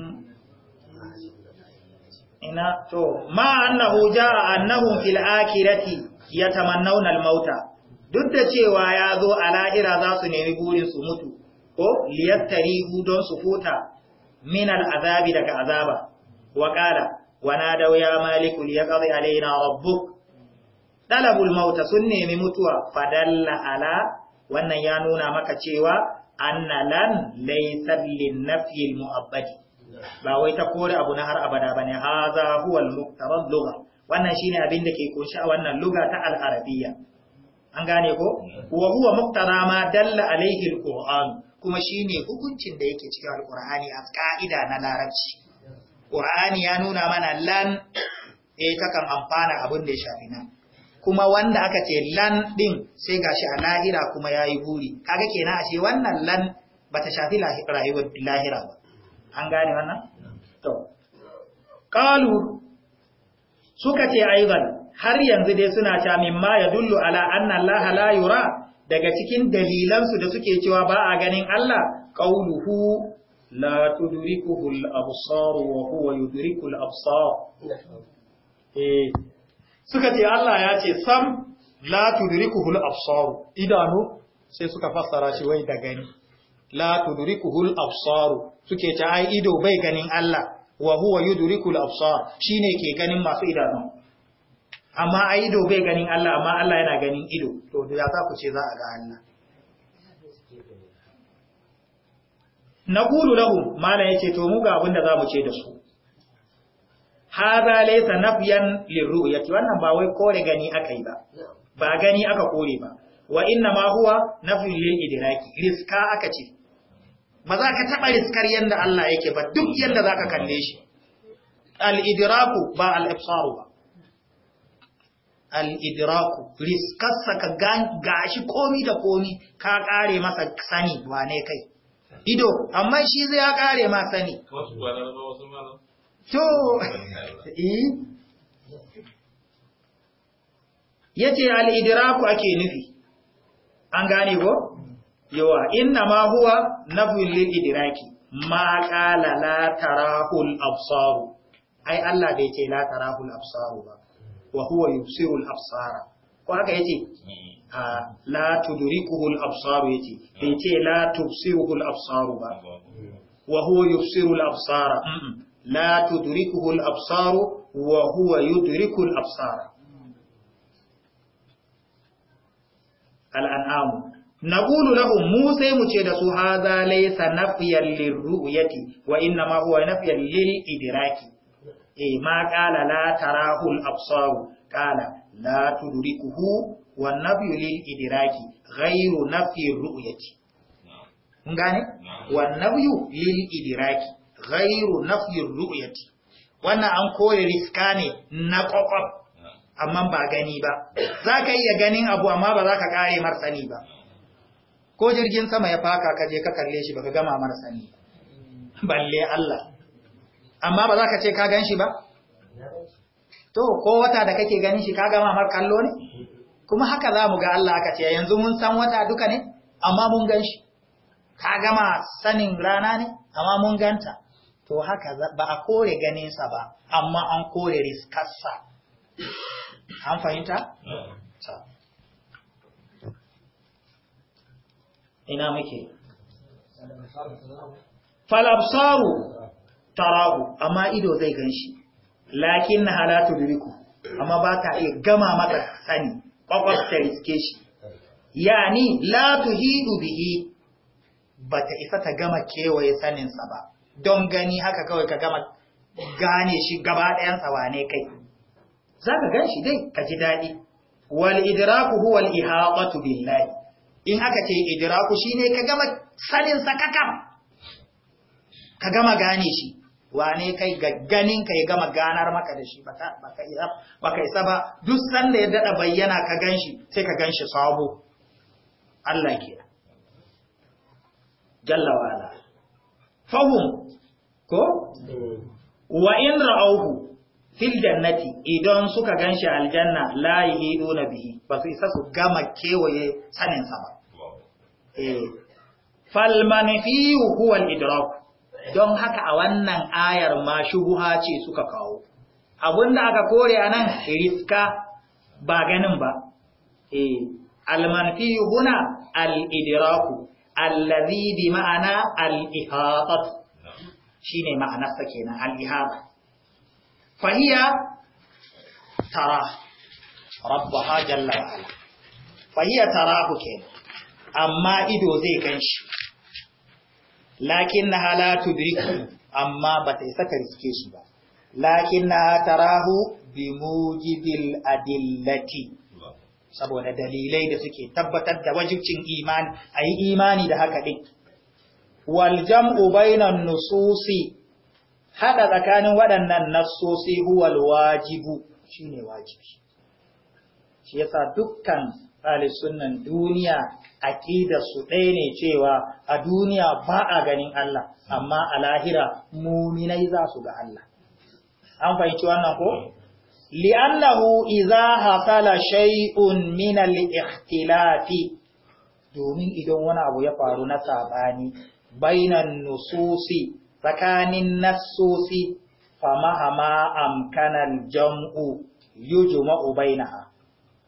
ina to ma annahu jaa annahum fil akhirati yatamannawna al mauta duk da cewa ya zo a la'ira za su nemi burin su mutu ko liyattarihu don su huta min al azabi daga azaba wa qala wa nadaw ya maliku liyaqdi alaina rabbuk talabul mauta sun nemi mutuwa fadalla ala wannan ya nuna maka cewa anna lan laysa lin nafyil mu'abbadi ba wai ta kore abu na har abada bane haza huwa al-muqtarad lugha wannan shine abin da ke kunshi a wannan lugha ta al-arabiyya an gane ko wa huwa muqtara ma dalla alayhi al-qur'an kuma shine hukuncin da yake cikin al-qur'ani a ka'ida na larabci qur'ani ya nuna mana lan eh takan amfana abin da ya shafi nan kuma wanda aka ce lan ɗin, sai ga shi a lahira kuma ya yayi buri kaga kenan ashe wannan lan ba ta shafi rayuwar lahira ba an gane wannan to suka ce aidan har yanzu dai suna ta mimma ya dullu ala anna allaha yura daga cikin dalilansu da suke cewa ba a ganin Allah Ƙauluhu! la tudrikuhu al wa huwa yudriku al suka ce Allah ya ce sam la tudrikuhul absar idanu sai suka fassara shi wai da gani la tudrikuhul absar suke ce ai ido bai ganin Allah wa huwa yudrikul absar shine ke ganin masu idanu amma ai ido bai ganin Allah amma Allah yana ganin ido to da za ku ce za a ga Allah na kudu lahu mana yace to mu ga abin da za mu ce da su haza laysa nafyan lirru'yati wannan ba wai kore gani akai ba ba gani aka kore ba wa inna ma huwa nafyun lil idraki riska aka ce ba za ka taba riskar yanda Allah yake ba duk yanda zaka kalle shi al idraku ba al ibsaru ba al idraku riskarsa ka gashi komi da komi ka kare masa sani wane kai ido amma shi zai ya kare ma sani to eh? yace al-idraku ake nufi an gane ko yawa inna ma huwa nafyu lil idraki ma qala la tarahul absar ai Allah bai ce la tarahul absar ba wa huwa al absara ko haka yace hmm. a la al absar yace bai ce la al absar ba hmm. wa huwa al absara la tudrikuhu al-absar wa huwa yudriku al-absar al-an'am naqulu mu sai mu ce da su hadha laysa nafyan lirru'yati wa inna ma huwa lil-idraki eh ma qala la tarahu al-absar qala la tudrikuhu wa lil-idraki ghayru nafyi ar-ru'yati Wannan biyu lil idiraki ghairu nafyir ru'yati wannan an kore riska ne na kwakwab amma ba gani ba za ka iya ganin abu amma ba za ka kare marasani ba ko jirgin sama ya faka ka je ka kalle shi ba ka gama marasani balle Allah amma ba za ka ce ka gan shi ba to ko wata da kake ganin shi ka gama mar kallo ne kuma haka za mu ga Allah aka ce yanzu mun san wata duka ne amma mun gan shi ka gama sanin rana ne amma mun ganta to haka ba a kore ganinsa ba amma an kore riskarsa an fahimta? ina muke falabsaru tarahu amma ido zai ganshi lakin na halatu diriku amma ba ta iya gama maka sani ta riske shi yani la tuhidu bihi ba ta isa ta gama kewaye saninsa ba don gani haka kawai ka gama gane shi gaba ɗayansa wane kai za ka gan shi dai ka ji daɗi wal idraku huwa al ihaqatu billahi in aka ce idraku shine ka gama sanin sakakam ka gama gane shi wane kai ga ganin ka ya gama ganar maka da shi baka isa isa ba duk sanda ya dada bayyana ka ganshi sai ka ganshi sabo Allah ke jalla wala fahum ko wa in fil jannati idan suka ganshi aljanna la na bihi ba su isa su gama kewaye sanin sa ba eh. fal manfiyu huwa idrak don haka a wannan ayar ma shubuha ce suka kawo abinda aka kore nan riska ba ganin ba eh al manfiyu huna al idraku allazi bi ma'ana al-ihatat shine ma'anarsa kenan al-ihaba fahiya tara rabbaha jalla wa ala fahiya tarahu kenan amma ido zai ganshi lakinnaha la tudriku amma ba ta isa ta riske shi ba lakinnaha tarahu bi bimujibil adillati saboda dalilai da suke tabbatar da wajibcin imani a yi imani da haka ɗin wal jam'u bainan nususi haɗa tsakanin waɗannan nassosi huwal wajibu shine wajibi shi yasa dukkan ɗalisunan duniya a aƙidarsu ɗaya ne cewa a duniya ba a ganin Allah amma a lahira muminai za su ga Allah an fahimci wannan ko li'annahu idza hasala shay'un min al-ikhtilafi domin idan wani abu ya faru na saɓani, bainan nususi tsakanin fama famahama amkanan jam'u yujma'u bainaha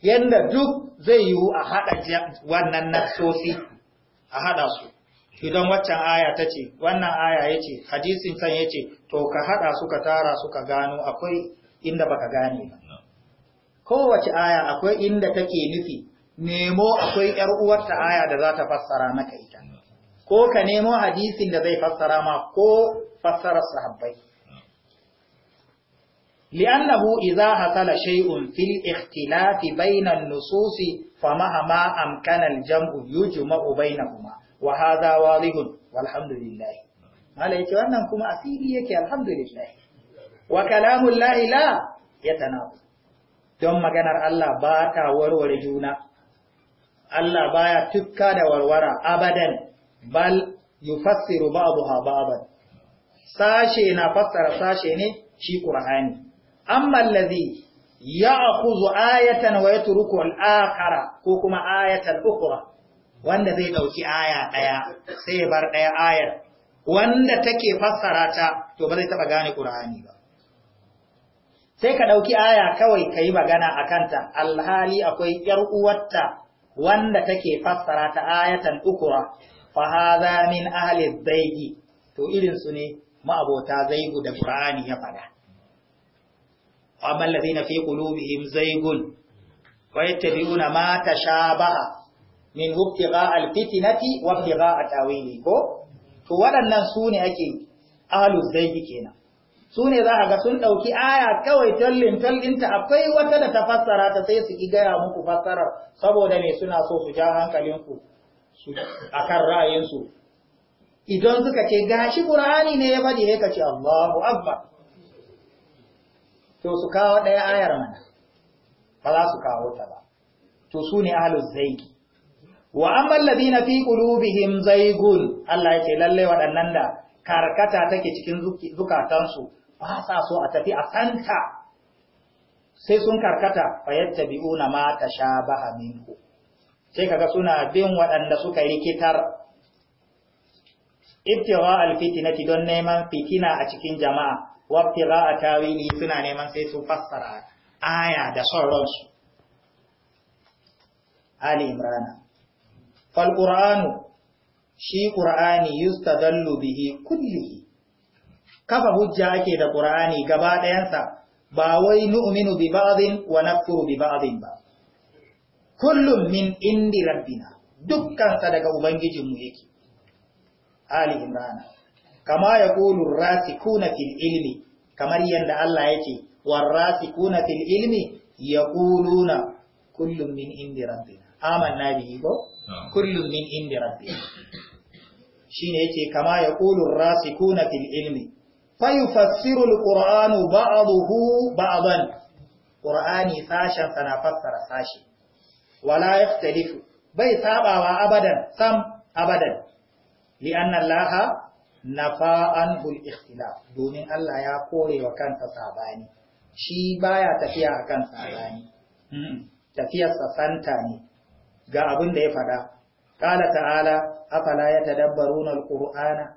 yanda duk zai yiwu a haɗa wannan nassosi a haɗa su idan waccan aya ta ce wannan aya ya ce hadisin san ya ce to ka haɗa suka tara suka gano akwai inda baka gane ba. Kowace aya akwai inda take nufi, nemo akwai ‘yar uwarta aya da zata fassara maka ita, ko ka nemo hadisin da zai fassara ma ko fassarar sahabbai. Li’annahu iza hasala shay'un fil ikhtilafi bainan nususi fa ma'ama amkanal jam'u yujma'u bainahuma wa hadha walihun walhamdulillah. Malai wannan kuma asiri yake alhamdulillah. wa kalamun la'ila ya tanafu don maganar Allah ba ta warware juna Allah baya tukka da warwara abadan bal yufassiru babu ba'dan sashe na fassara sashe ne shi Qur'ani amma allazi ya'khudhu ayatan wa yatruku al ko kuma ayatan ukhra wanda zai ɗauki aya ɗaya, sai bar ɗaya ayar wanda take fassara ta to ba zai taɓa gane ƙur'ani ba sai ka ɗauki aya kawai ka yi magana a kanta alhali akwai ‘yar uwarta wanda take fassara ta ayatan ukura fa haza min ahli zaigi to irinsu ne ma'abota zaigu da Qur'ani ya faɗa amma na fi qulubihim zaigun biyu na mata tashabaha min ibtigha alfitnati wa ibtigha atawili ko to waɗannan su ne ake ahlu zaigi kenan su ne za a ga sun ɗauki aya kawai tallin tallinta akwai wata da ta fassara ta sai su ki gaya muku fassarar saboda me suna so su ja hankalinku a kan ra'ayinsu idan suka ce gashi ƙur'ani ne ya faɗi ya ce Allahu Abba. to su kawo ɗaya ayar mana ba za su kawo ta ba to su ne ahalus zaigi wa amma na fi qulubihim Allah ya ce lallai waɗannan da karkata take cikin zukatansu ba sa so a tafi a santa sai sun karkata fayatta bi'una ma ta sha baha minku sai kaga suna bin waɗanda suka rikitar ibtira alfitinati don neman fitina a cikin jama'a wabtira a tawili suna neman sai su fassara aya da son ransu ali imrana fal qur'anu shi qur'ani yustadallu bihi kullihi kafa hujja ake da qur'ani gaba ɗayansa ba wai nu'minu bi ba'din wa nakfuru bi ba'din ba kullum min indi rabbina dukkan sa daga ubangijinmu yake ali imran kama ya qulu rasikuna fil ilmi kamar yanda Allah yake rasikuna fil ilmi yaquluna kullum min indi rabbina amanna bihi ko kullum min indi rabbina shine yake kama ya qulu rasikuna fil ilmi fayyufassiru fassirul ba a ruhu ba ban, ƙur’ani sashensa na fassara sashe, wala ya bai taɓawa abadan, sam abadan, li’an nan laha na fa’an domin Allah ya kore wa kansa sabani, shi ba tafiya a kan sabani, tafiyarsa santa ne ga abin da ya faɗa, ƙala ta’ala, afala ya tadabbaruna al’ur’ana,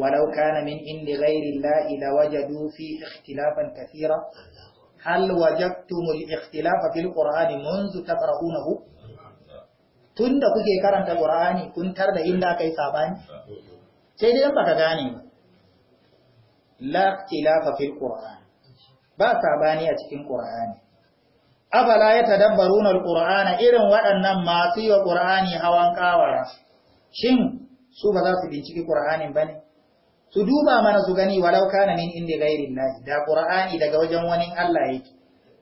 ولو كان من عند غير الله لوجدوا فيه اختلافا كثيرا هل وجدتم الاختلاف في القرآن منذ تقرؤونه tunda kuke karanta ƙur'ani kun tar da inda kai sabani sai dai baka gane ba la ikhtilafa fil Qur'an ba sabani a cikin Qur'ani afala yatadabbaruna al ƙur'ana irin waɗannan masu yi wa Qur'ani hawan kawara shin su ba za su binciki Qur'anin bane su duba mana su gani walau kana min inda gairin lahi da ƙura'ani daga wajen wani Allah yake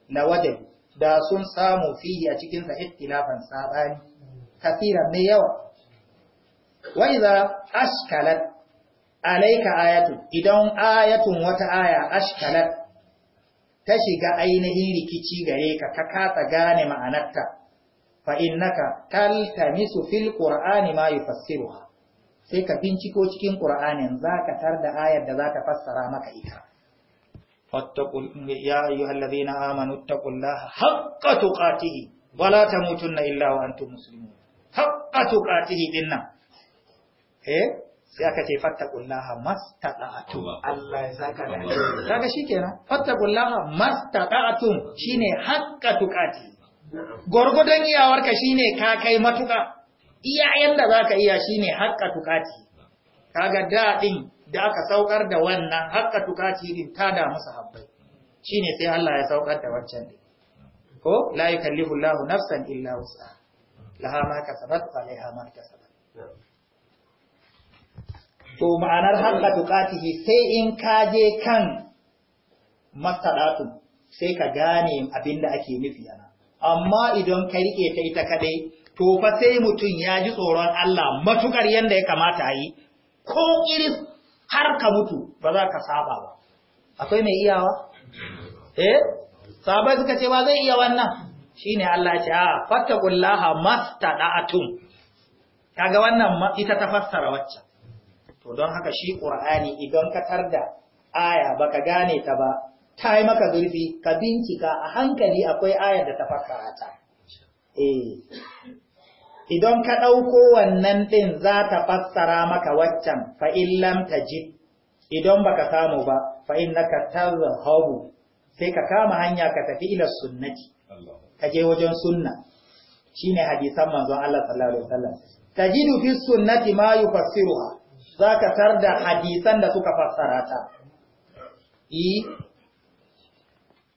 lawajadu da sun samu fihi a cikinsa ittilafan saɓani kafiran mai yawa wai za ashkalat alaika ayatun idan ayatun wata aya ashkalat ta shiga ainihin rikici gare ka ka kasa gane ma'anarta fa innaka taltamisu fil qur'ani ma yufassiruha sai ka binciko cikin ƙur'anin za ka tar da ayar da za ta fassara maka ita ya yi hallabi na amanu taqullaha haƙƙa tuƙatihi wala ta mutun na illawa an tu musulmi haƙƙa tuƙatihi eh sai aka ce fattaqullaha mastata'tum Allah ya saka da kaga shikenan fattaqullaha mastata'tum shine haqqa tuqati gorgodon iyawarka shine ka kai matuka iya yanda za ka iya shine haƙƙa tukati ga daɗin da aka saukar da wannan haƙƙa tukati din ta damu Shi ne sai Allah ya saukar da wancan din ko la yukallifu Allahu nafsan illa wus'aha laha ma kasabat wa laha ma kasabat to ma'anar haƙƙa tukaci sai in ka je kan masalatu sai ka gane abin da ake nufi yana amma idan ka rike ta ita kadai to fa sai mutum ya ji tsoron Allah matukar yadda ya kamata a yi ko iri har ka mutu ba za ka saba ba akwai mai iyawa eh sabai suka ce ba zai iya wannan shine Allah ce a ah, fattaqullaha Ta kaga wannan ita ta fassara waccan to don haka shi qur'ani idan ka tarda aya baka gane ta ba ta yi maka zurfi ka bincika a hankali akwai ayar da ta fassara ta eh idan ka ɗauko wannan ɗin za ta fassara maka waccan fa'illam ta ji, idan ba ka samu ba fa'in na ka tarhabu sai ka kama hanya ka tafi ila sunnati, ka je wajen sunna, shi ne hadisan manzon Allah sallallahu Alaihi wasallam. Ta ji dufi sunnati ma yi fassiruwa, za ka tar da hadisan da suka fassara ta.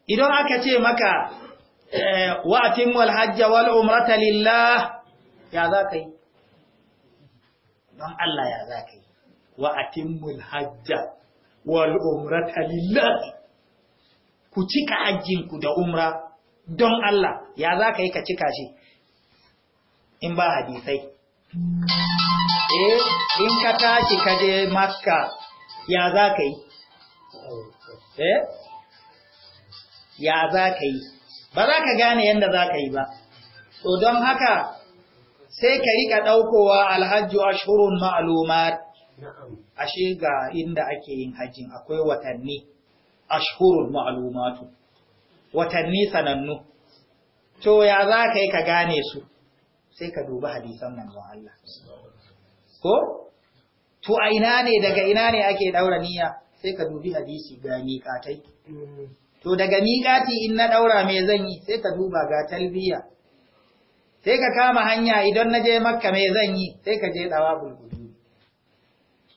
Idan aka ce maka eh, wa'atin wal hajja wal umrata lillah ya za ka yi don Allah ya za ka yi wa atimmul hajja wal umrata lillahi ku cika hajjin ku da umra don Allah ya za ka yi ka cika shi in ba hadisai eh in ka tashi ka je makka ya za ka yi eh ya za ka yi ba za ka gane yadda za ka yi ba to don haka sai ka rika ɗaukowa alhajju ashurun ma'lumat ashe ga inda ake yin hajjin akwai watanni ashurun ma'lumatu watanni sanannu to ya za ka yi ka gane su sai ka dubi hadisan wa Allah ko to a ina ne daga ina ne ake daura niyya sai ka dubi hadisi ga miƙatai mm. to daga miƙati in na daura me zan yi sai ka duba ga talbiya sai ka kama hanya idan na je makka me zan yi sai ka je dawaful qudum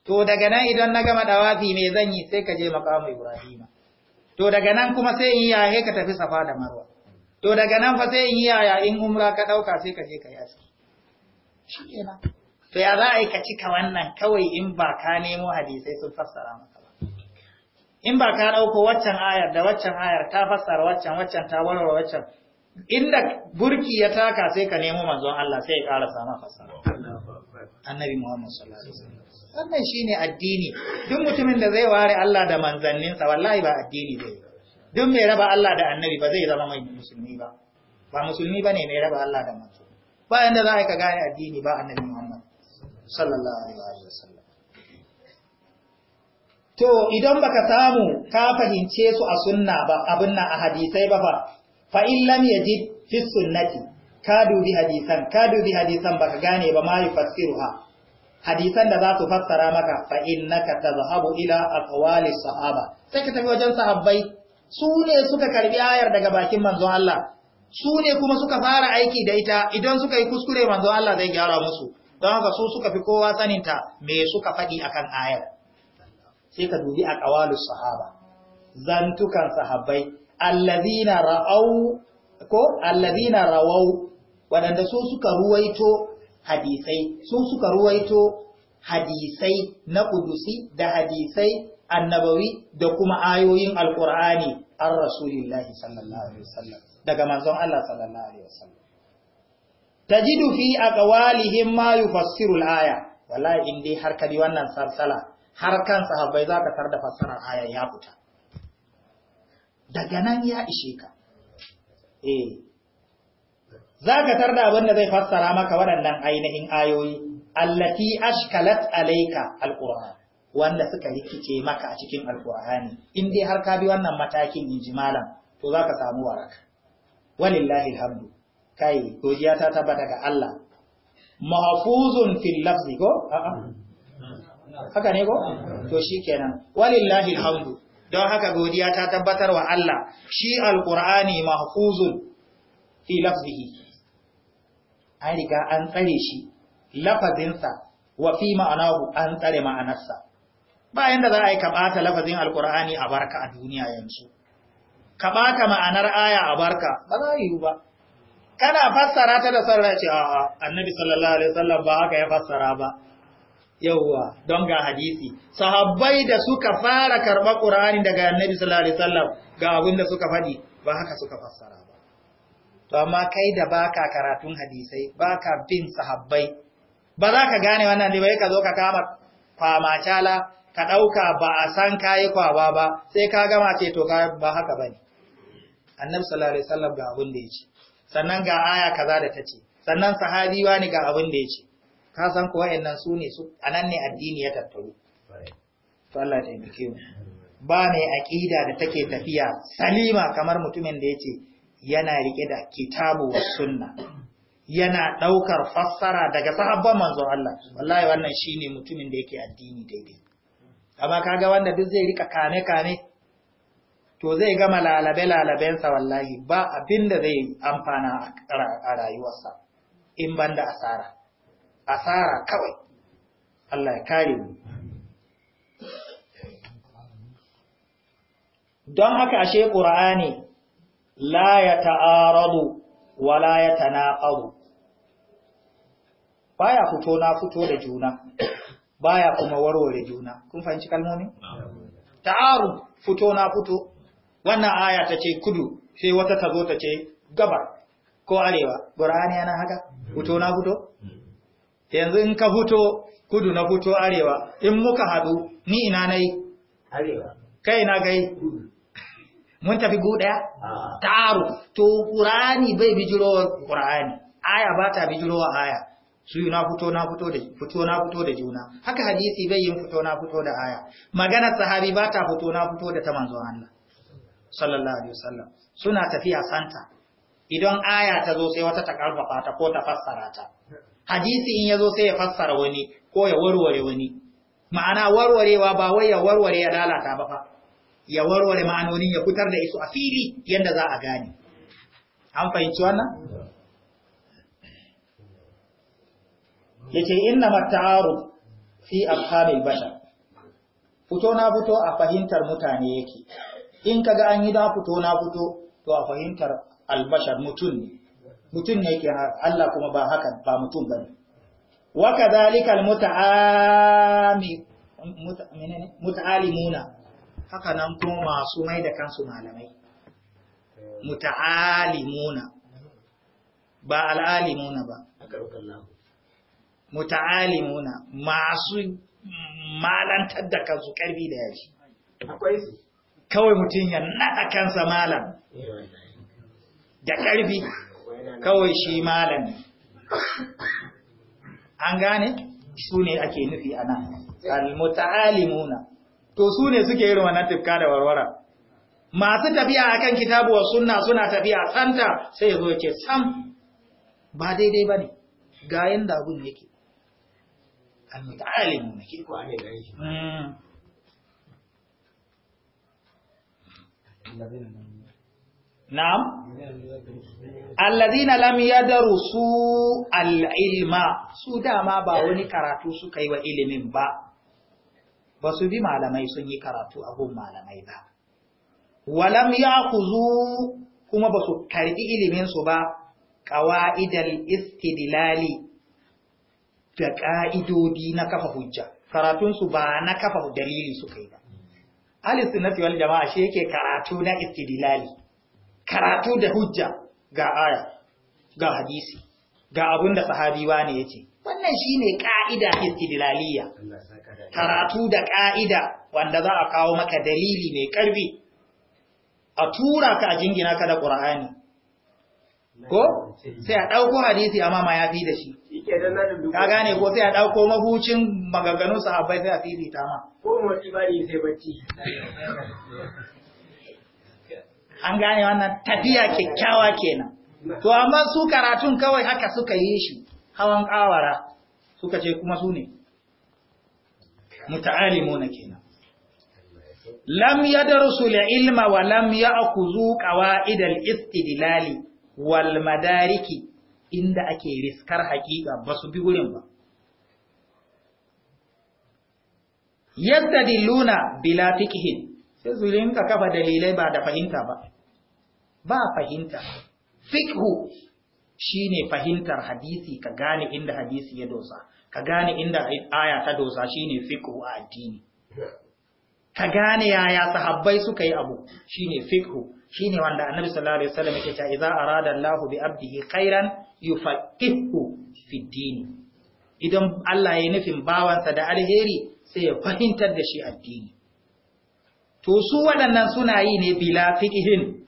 to daga nan idan na gama dawafi me zan yi sai ka je Makamu ibrahima to daga nan kuma sai in yaye ka tafi safa da marwa to daga nan fa sai in yaya in umra ka dauka sai ka je ka yi aski shikenan to ya za a yi ka cika wannan kawai in ba ka nemo hadisai sun fassara maka ba in ba ka dauko waccan ayar da waccan ayar ta fassara waccan waccan ta warware waccan inda burki ya taka sai ka nemo manzon Allah sai ya karasa ma fasara annabi Muhammad sallallahu alaihi wasallam wannan shine addini duk mutumin da zai ware Allah da manzanninsa wallahi ba addini zai duk mai raba Allah da annabi ba zai zama mai musulmi ba ba musulmi bane mai raba Allah da manzo ba yanda za ka gane addini ba annabi Muhammad sallallahu alaihi wasallam to idan baka samu ka fahince su a sunna ba abin nan a hadisai ba fa fa in yajid fi sunnati ka dubi hadisan ka dubi hadisan baka gane ba ma ha. hadisan da za su fassara maka fa innaka tadhhabu ila aqwali sahaba sai ka tafi wajen sahabbai su ne suka karbi ayar daga bakin Manzo Allah su ne kuma suka fara aiki da ita idan suka yi kuskure Manzo Allah zai gyara musu don haka su suka fi kowa saninta me suka faɗi akan ayar sai ka dubi aqwalus sahaba zantukan sahabbai allazina ra'au ko allazina rawau waɗanda su suka ruwaito hadisai su suka ruwaito hadisai na kudusi da hadisai annabawi da kuma ayoyin Alƙur'ani an rasulillahi sallallahu alaihi wasallam daga manzon Allah sallallahu alaihi wasallam tajidu fi aqwalihim ma yufassiru al-aya wallahi in dai har kabi wannan salsala har kan sahabbai zaka tar da fassarar aya ya fita daga nan ya ishe ka eh za ka tarda abin da zai fassara maka waɗannan ainihin ayoyi allati ashkalat alaika al’ur’an, wanda suka rikice maka a cikin al’ur’ani, in dai har ka bi wannan matakin in ji malam to za ka samu waraka walillahi alhamdu kai godiya ta tabbata ga Allah mahafuzun fil lafzi ko a'a haka ne ko to kenan. walillahi alhamdu don haka godiya ta tabbatar wa Allah shi Alƙur'ani mahfuzun fi lafzihi an riga an tsare shi lafazinsa wa fi ma'anahu an tsare ma'anarsa bayan da za a yi kaɓata lafazin alkur'ani a barka a duniya yanzu kaɓata ma'anar aya a barka ba za yi ba kana fassara ta da sarra a annabi sallallahu alaihi wasallam ba haka ya fassara ba yawwa don ga hadisi sahabbai da suka fara karɓar ƙur'ani daga annabi sallallahu alaihi wasallam ga abin da suka faɗi ba haka suka fassara ba to amma kai da baka karatun hadisai baka bin sahabbai ba za ka gane wannan ne bai ka zo ka kama kwamacala ka ɗauka ba a san kayi kwaba ba sai ka gama ce to ba haka ba ne annabi sallallahu alaihi wasallam ga abin da ya ce sannan ga aya kaza da ta ce sannan sahabi wani ga abin da ya ce ka san ko wayannan su ne su anan ne addini ya tattaru to Allah ta mu. ba mai aqida da take tafiya salima kamar mutumin da yace yana rike da kitabu wa sunna yana daukar fassara daga sahabban manzo Allah wallahi wannan shine mutumin da yake addini daidai amma kaga wanda duk zai rika kame kame to zai gama lalabe lalabensa wallahi ba abinda zai amfana a rayuwarsa in banda asara asara kawai Allah ya kare mu don haka ashe qur'ani la ya ta'aradu wa la ya tanaqadu baya fito na fito da juna baya kuma warware juna kun fahimci kalmomi ta'arud fito na fito wannan aya ta ce kudu sai wata ta zo ta ce gabar ko arewa qur'ani yana haka fito na fito yanzu in ka fito kudu na fito arewa in muka haɗu ni ina na yi arewa kai na gai mun tafi gu ɗaya taro to ƙurani bai bijirowar ƙurani aya ba ta bijirowar aya su yi na fito na fito da fito na fito da juna haka hadisi bai yin fito na fito da aya maganar sahabi ba ta fito na fito da ta manzo Allah sallallahu alaihi wasallam suna tafiya santa idan aya ta zo sai wata ta karfafa ta ko ta fassara ta hadisi in yazo sai ya fassara wani ko ya warware wani ma'ana warwarewa ba wai ya warware ya lalata ba fa ya warware ma'anonin ya fitar da isu a fili yadda za a gane an fahimci wannan yace inna mata'aruf fi afhamil bashar fito na fito a fahimtar mutane yake in kaga an yi da fito na fito to a fahimtar albashar mutum ne mutum ne ke Allah kuma ba haka ba mutum ba ne wa kadhalika almutaami muta'alimuna haka nan kuma masu mai da kansu malamai muta'alimuna ba al'alimuna ba muta'alimuna masu malantar da kansu karbi da yashi kawai mutum ya naɗa kansa malam eh, da karbi kawai shi malami an gane su ne ake nufi a nan almuta'alimuna to su ne suke yi wannan tufka da warwara masu tafiya akan kitabu wa sunna suna tafiya santa sai zo ce sam ba daidai bane ga yanda abun yake almuta'alimuna ke ko ne hmm. da yake na'am alladhina lam yadrusu al-ilma su dama ba wani karatu suka yi wa ilimin ba ba su bi malamai sun yi karatu a gun malamai ba walam kuzu kuma ba su karbi iliminsu ba ba qawaidal istidlali da ƙa'idodi na kafa hujja, karatunsu ba na kafa dalili suka yi ba. Alisunati wal jama'a shi yake karatu na istidilali. karatu da hujja ga aya ga hadisi ga abin da sahabi ya yace wannan shine ka'ida istidlaliyya karatu da ka'ida wanda za a kawo maka dalili mai karfi a tura ka a jingina ka da qur'ani ko sai a dauko hadisi amma ma yafi da shi ka gane ko sai a dauko mahucin maganganun sahabbai sai a fifita ma ko mu bari sai bacci an gane wannan tafiya kyakkyawa kenan to amma su karatun kawai haka suka yi shi hawan kawara suka ce kuma su ne muta'alimuna kenan lam yadrusu ilma wa lam ya'khudhu qawaid al-istidlal wal madariki inda ake riskar hakika ba su bi wurin ba yadda diluna bila fikihin sai su kafa dalilai ba da fahimta ba ba fahimta fikhu shine fahimtar hadisi ka gane inda hadisi ya dosa ka gane inda aya ta dosa shine fikhu a addini ka gane yaya sahabbai suka yi abu shine fikhu shine wanda annabi sallallahu alaihi wasallam yake cewa idza arada Allahu bi abdihi khairan yufaqihu fi dini idan Allah ya nufin bawansa da alheri sai ya fahimtar da shi addini to su waɗannan suna yi ne bila fiƙihin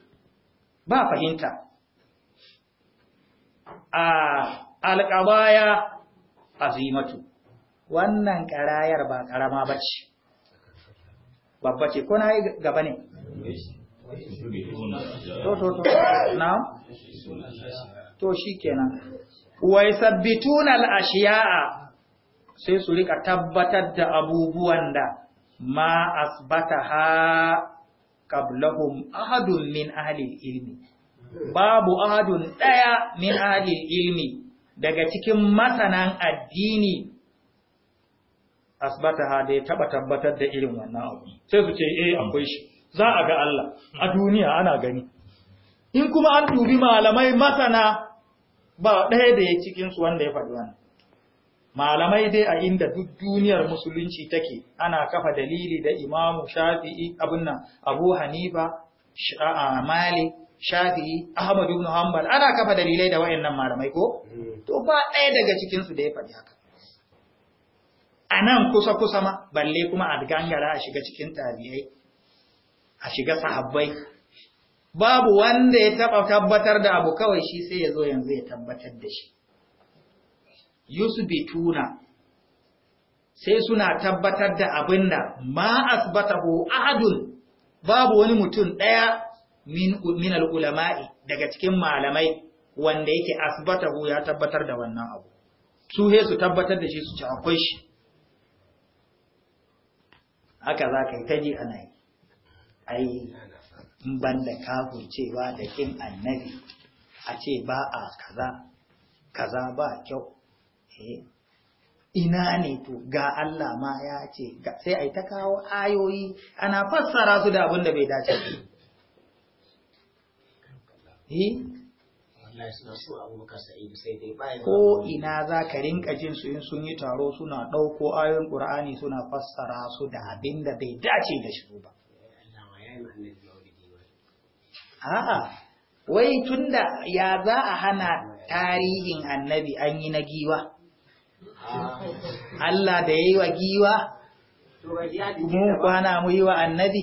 ba fahimta a alƙabaya a zimatu. wannan ƙarayar ba ƙarama ba ce babba ce ko na yi gaba ne to to to na to shi kenan wai sabbitunan al'ashiya'a sai su rika tabbatar da abubuwan da ma أثبتها قبلهم أحد min أهل ilmi babu أحد ɗaya min أهل ilmi daga cikin masanan addini أثبتها da تبا taba tabbatar da irin wannan sai su ce akwai shi za a ga Allah a duniya ana gani in kuma an dubi malamai masana ba ɗaya da ya cikin su wanda ya faɗi wannan malamai dai a inda duk duniyar musulunci take ana kafa dalili da imamu shafi'i abun nan abu hanifa mali shafi'i ahmad ibn hanbal ana kafa dalilai da wayannan malamai ko hmm. to ba ɗaya daga cikin su da ya faɗi haka a nan kusa kusa ma balle kuma a gangara a shiga cikin tabi'ai a shiga sahabbai babu wanda ya taɓa tabbatar da abu kawai shi sai ya zo yanzu ya tabbatar da shi yusbituna sai suna tabbatar da abinda ma asbatahu ahadun babu wani mutum daya min min ulama'i daga cikin malamai wanda yake asbatahu ya tabbatar da wannan abu su he su tabbatar da shi su ci akwai shi haka za ka yi ana yi ai in ban da cewa da kin annabi a ce ba a kaza kaza ba kyau ina ne to ga Allah ma ya ce sai a yi ta kawo ayoyi ana fassara su da abin da bai dace eh? ko ina za ka rinka jin su in sun yi taro suna ɗauko ayoyin ƙur'ani suna fassara su da abin da bai dace da shi ba a'a wai tunda ya za a hana tarihin annabi an yi na giwa Allah da ya yi wa giwa mu kwana mu yi wa annabi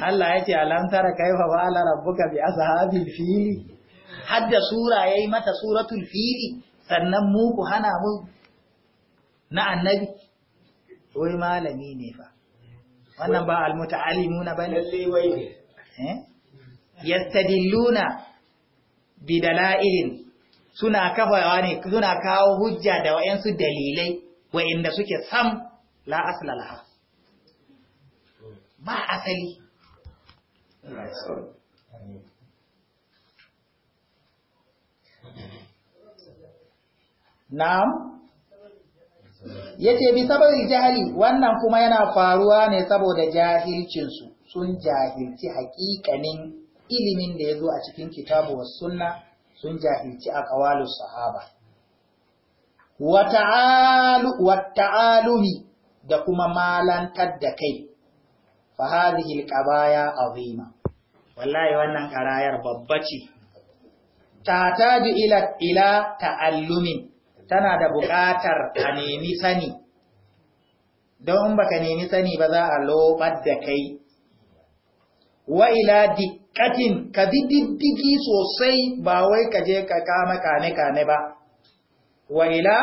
Allah ya ce alamtara kaifa fa'ala rabbuka bi ashabil fili hadda sura ya yi mata suratul fili sannan mu ku hana mu na annabi wai malami ne fa wannan ba almuta bane lalle wai ne eh yastadilluna bidala'ilin suna kafawa ne suna kawo hujja da wayansu dalilai wayanda suke sam la asla ba asali na'am yace bi sababin jahili wannan kuma yana faruwa ne saboda jahilcinsu sun jahilci haƙiƙanin ilimin da ya zo a cikin kitabu was sunna sun jahilci a ƙawalu sahaba. Wata'alumi da kuma malantar da kai, fahadihil ƙabaya azima. Wallahi wannan ƙarayar babba ce, ta taji ila ta'allumin tana da buƙatar a nemi sani, don baka nemi sani ba za a lobar da kai wa ila diqqatin ka diddigi sosai ba wai ka je ka kama kane kane ba wa ila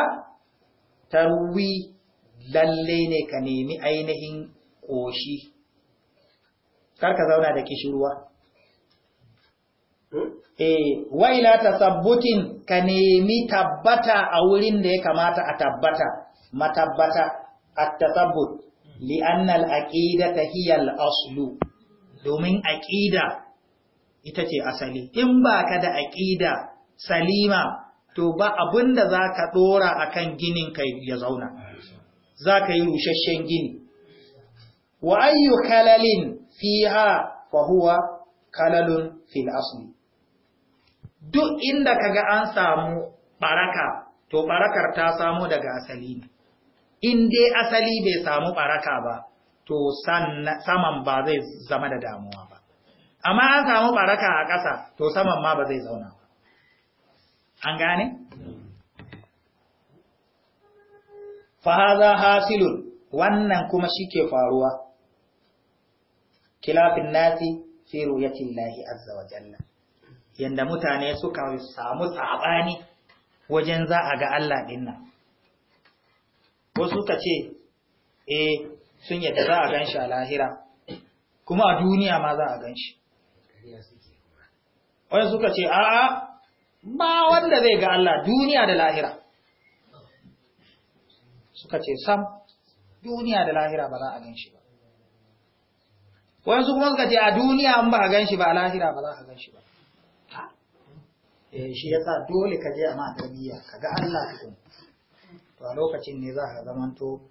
tarwi lalle ne ka nemi ainihin koshi kar ka zauna da kishirwa hmm? Eh, waila tasabbutin ka nemi tabbata a wurin da ya kamata a tabbata, matabbata, at-tasabbut, li'annal aqidata hiya al-aslu. domin aƙida ita ce asali in ba ka da aƙida salima to ba abin da za ka ɗora a kan ginin ka ya zauna za ka yi rusasshen gini wa ayyu kalalin fiha fa huwa kalalun fil asli duk inda ka ga an samu baraka to barakar ta samu daga asali ne in dai asali bai samu baraka ba to saman ba zai zama da damuwa ba amma an samu baraka a ƙasa to saman ma ba zai zauna ba an gane fahaza hasilun wannan kuma shi ke faruwa kilafin nasi fi ruyatin lahi azza wa jalla Yadda mutane suka samu saɓani wajen za a ga Allah ɗin nan wasu ka ce eh sun yadda za a ganshi a lahira kuma a duniya ma za a ganshi wani suka ce a'a ba wanda zai ga Allah duniya da lahira suka ce sam duniya da lahira ba za a ganshi ba wani su kuma suka ce a duniya an ba a ganshi ba a lahira ba za a ganshi ba eh, shi ya sa dole ka je a ma'a ka ga Allah tukun to a lokacin ne za ka zamanto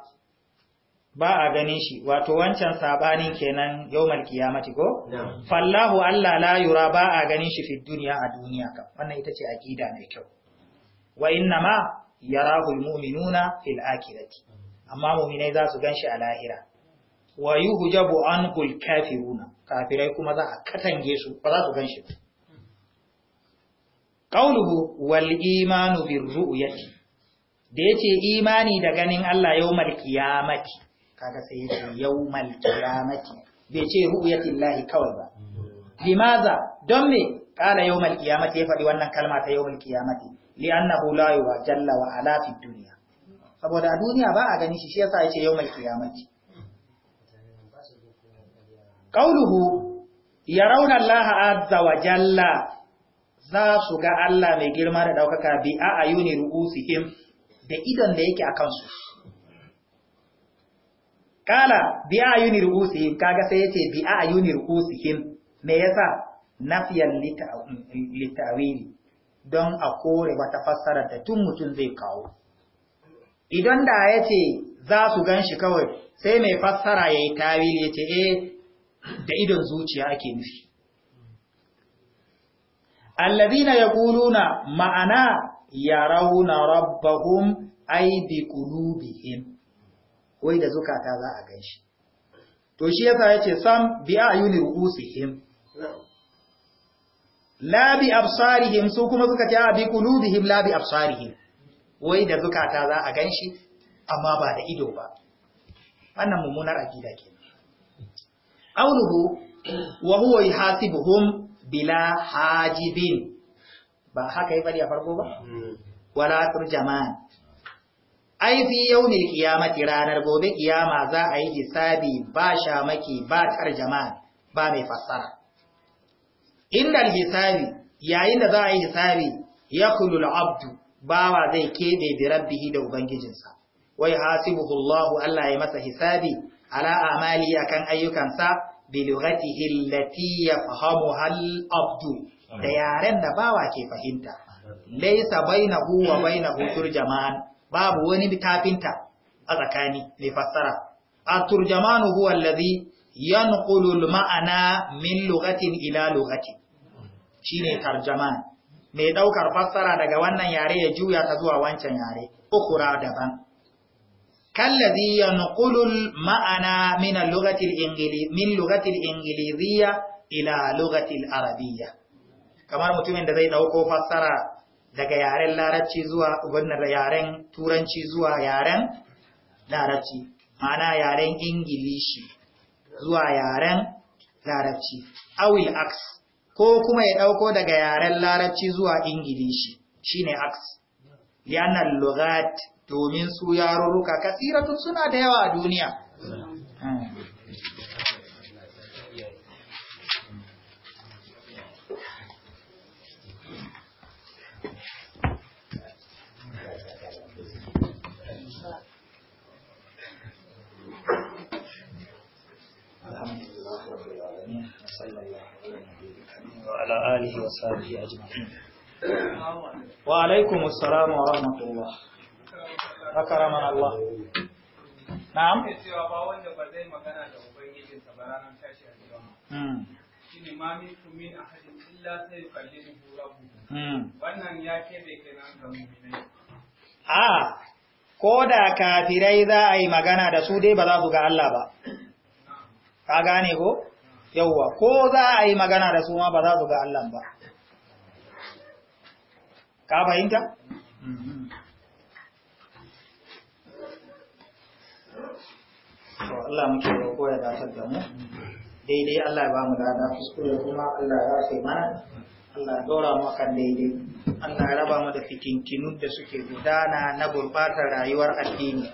ba a ganin shi wato wancan sabanin kenan yawmal kiyamati ko fallahu Allah la yura ba a ganin shi fi duniya a duniya kam wannan ita ce aqida mai kyau wa innama yarahu almu'minuna fil akhirati amma mu'minai za su ganshi a lahira wa yuhjabu kul kafiruna kafirai kuma za a katange su ba za su ganshi ba wal imanu bir ru'yati da yace imani da ganin Allah yawmal kiyamati kaga sai ce yawmal qiyamati bai ce ru'yatillahi kawai ba limaza don me kana yawmal qiyamati ya faɗi wannan kalma ta yawmal qiyamati annahu la yuwa jalla wa ala fi dunya saboda a duniya ba a gani shi shi yasa ce yawmal qiyamati qauluhu yarawna Allah azza wa jalla za su ga Allah mai girma da daukaka bi a ayuni ru'usihim da idon da yake a kansu. kala bi ayuni ruusihim kaga sai yace bi ayuni ruusihim me yasa nafiyan litawili don a kore wata fassara da tun mutum zai kawo idan da yace za su ganshi kawai sai mai fassara yayi tawili yace eh da idon zuciya ake nufi alladhina yaquluna ma'ana yarawna rabbahum ay bi qulubihim wai da zukata za a ganshi. to shi yasa yace sam bi ayuni ruusihim la bi absarihim su kuma suka ce bi qulubihim la bi absarihim wai da zukata za a ganshi. amma ba da ido ba wannan mummunar akida kenan auluhu wa huwa yuhasibuhum bila hajibin ba haka yi bari a farko ba hmm. wala turjaman Aifi yau ne ƙiyamati ranar gobe kiyama za a yi hisabi ba shamaki ba tarjama ba mai fassara innal hisabi yayin da za a yi hisabi ya al-abdu bawa zai keɓe bi rabbihi da ubangijinsa wai hasibuhu Allah Allah ya masa hisabi ala amali akan ayyukansa bi lughatihi allati yafhamu hal abdu da yaren da bawa ke fahimta laysa bainahu wa bainahu jama'an. babu wani tafinta a tsakani mai fassara at-turjamanu huwa allazi yanqulu al-ma'ana min lughatin ila lughatin shine tarjaman mai daukar fassara daga wannan yare ya juya ta zuwa wancan yare ukura daban kallazi yanqulu al-ma'ana min al-lughati al-ingiliz min lughati al-ingiliziyya ila lughati al-arabiyya kamar mutumin da zai dauko fassara daga yaren larabci zuwa wannan yaren turanci zuwa yaren larabci ma'ana yaren ingilishi zuwa yaren larabci awil aks ko kuma ya dauko daga yaren larabci zuwa ingilishi shine aks li'anna al-lughat domin su yarurruka kasiratun suna da yawa a duniya وصحبه أجمعين وعليكم السلام ورحمة الله أكرمنا الله نعم shine hmm. hmm. ko da kafirai za a yi magana da su dai ba za su ga Allah ba ka gane ko yauwa ko za a yi magana da su ma ba za su ga Allah ba ka fahimta Allah muke roƙo ya dace da mu daidai Allah ya ba mu dada kuskure kuma Allah ya rafe mana Allah ya dora mu kan daidai Allah ya raba mu da fitintinu da suke gudana na gurbatar rayuwar addini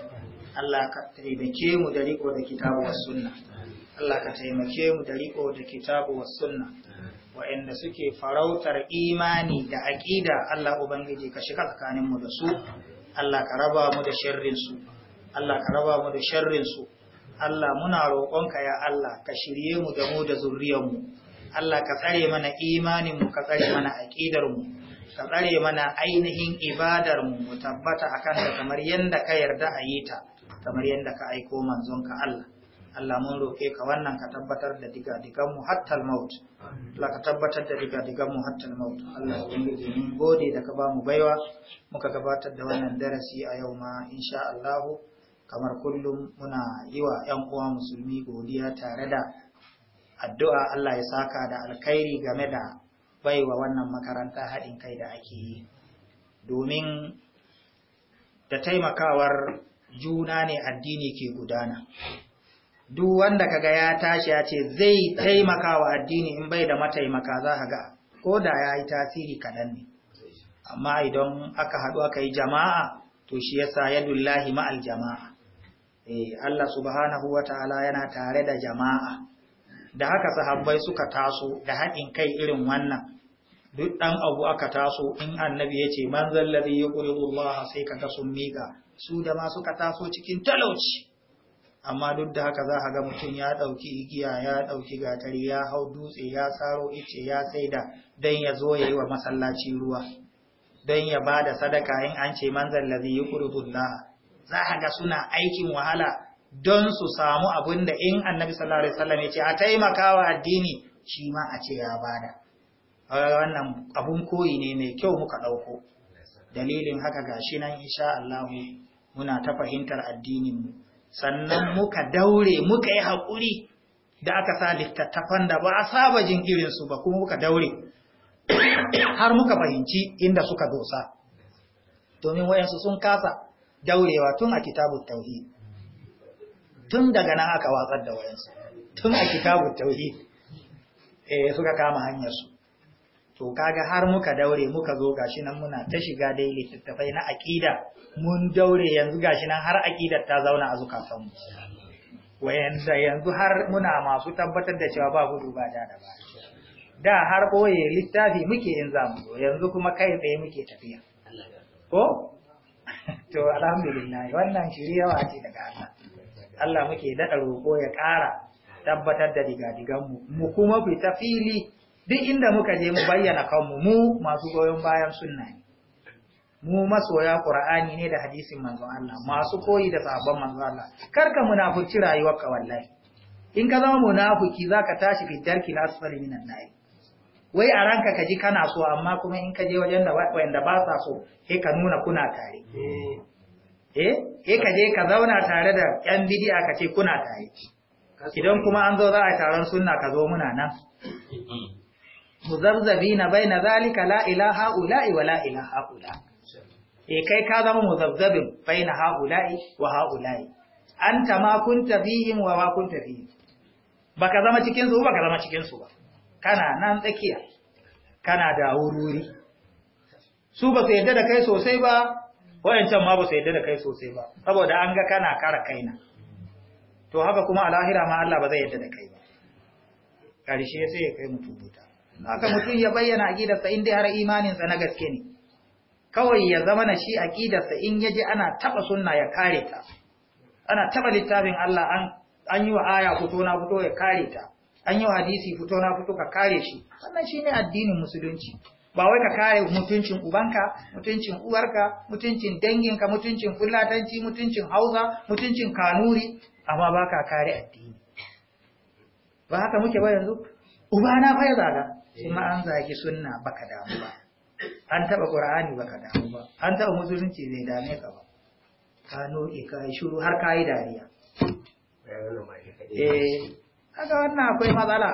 Allah ka taimake mu da riko da kitabu sunna Allah ka taimake mu da riko da kitabu wa sunna wa'anda suke farautar imani da aƙida Allah Ubangiji ka shiga tsakaninmu da su Allah ka raba mu da sharrinsu Allah ka raba mu da su Allah muna roƙonka ya Allah ka shirye mu da mu da mu. Allah ka tsare mana imaninmu ka tsare mana mu ka tsare mana ainihin ibadarmu mu tabbata akan ta kamar yanda ka yarda a yi ta kamar yanda ka aiko manzonka Allah Allah mun roke ka wannan ka tabbatar da diga-digan mu hattal maut Allah ka tabbatar da diga-digan mu hattal maut Allah yi mun gode da ka ba mu baiwa muka gabatar da wannan darasi a yau ma insha Allah kamar kullum muna yi wa ƴan uwa musulmi godiya tare da addu'a Allah ya saka da alkhairi game da baiwa wannan makaranta haɗin kai da ake yi domin da taimakawar juna ne addini ke gudana duk wanda kaga ya tashi ya ce zai taimaka wa addini in bai da mataimaka za ka ga ko da ya yi tasiri kaɗan ne amma idan aka haɗu aka yi jama'a to shi yasa yadullahi ma'al jama'a eh Allah subhanahu ta'ala yana tare da jama'a da haka sahabbai suka taso da haɗin kai irin wannan duk ɗan abu aka taso in annabi ya ce man zallabi ya ƙuri Allah sai ga sun miƙa su da ma suka taso cikin talauci amma duk da haka za a ga mutum ya ɗauki igiya ya ɗauki gatari ya hau dutse ya tsaro ice ya saida don ya zo ya yi wa masallaci ruwa don ya ba da sadaka in an ce manzan lazi yi ƙurbullah za a ga suna aikin wahala don su samu abin da in annabi sallallahu alaihi ce a taimaka wa addini shi ma a ce ya bada wannan abun koyi ne mai kyau muka ɗauko dalilin haka ga shi nan insha Allah muna ta fahimtar addinin mu sannan muka daure muka yi haƙuri da aka sa littattafan da ba a saba jin ba kuma muka daure har muka fahimci inda suka dosa domin wayansu sun kasa daurewa tun a kitabun tauhi tun daga nan aka watsar da wayansu tun a kitabun tauhi eh suka kama hanyarsu to kaga har muka daure muka zo gashi nan muna ta shiga dai littattafai na aƙida mun daure yanzu gashi nan har aƙidar ta zauna a zukatanmu wayanda yanzu har muna masu tabbatar da cewa ba gudu ba da da ba da har boye littafi muke in za mu zo yanzu kuma kai tsaye muke tafiya ko to alhamdulillah wannan yawa ce daga Allah Allah muke daɗa roƙo ya ƙara tabbatar da digadigan mu mu kuma fita fili duk inda muka je mu bayyana kanmu mu masu goyon bayan sunna ne mu masoya qur'ani ne da hadisin manzo Allah masu koyi da sabon manzo Allah kar ka rayuwar rayuwar wallahi in ka zama munafiki zaka tashi fi darki asfali minan nayi wai a ranka ka ji kana so amma kuma in ka je wajen da wanda ba sa so sai ka nuna kuna tare hmm. eh eh ka je ka zauna tare da yan bid'a ka ce kuna tare idan kuma an zo za a taron sunna ka zo muna nan hmm. muzarzabina baina zalika la ilaha ula'i wa la ilaha ula eh kai ka zama muzarzabin baina haula'i wa haula'i anta ma kunta bihim wa ma kunta fihim baka zama cikin su baka zama cikin su ba kana nan tsakiya kana da wururi su ba su yadda da kai sosai ba wayancan ma ba su yadda da kai sosai ba saboda an ga kana kara kaina to haka kuma al'ahira ma Allah ba zai yadda da kai ba karshe sai ya kai mutum buta haka mutum ya bayyana aqidarsa in dai har imaninsa na gaske ne kawai ya zama na shi aqidarsa in yaji ana taba sunna ya kare ta ana taba littafin Allah an yi wa aya fito na fito ya kare ta an yi wa hadisi fito na fito ka kare shi wannan shine addinin musulunci ba wai ka kare mutuncin ubanka mutuncin uwarka mutuncin danginka mutuncin fulatanci mutuncin hausa mutuncin kanuri amma ba kare addini ba haka muke ba yanzu na fa ya zaga in ma an zagi sunna baka damu ba an taba qur'ani baka damu ba an taba musulunci zai dame ka ba ka noke ka yi shiru har ka yi dariya eh aka wannan akwai matsala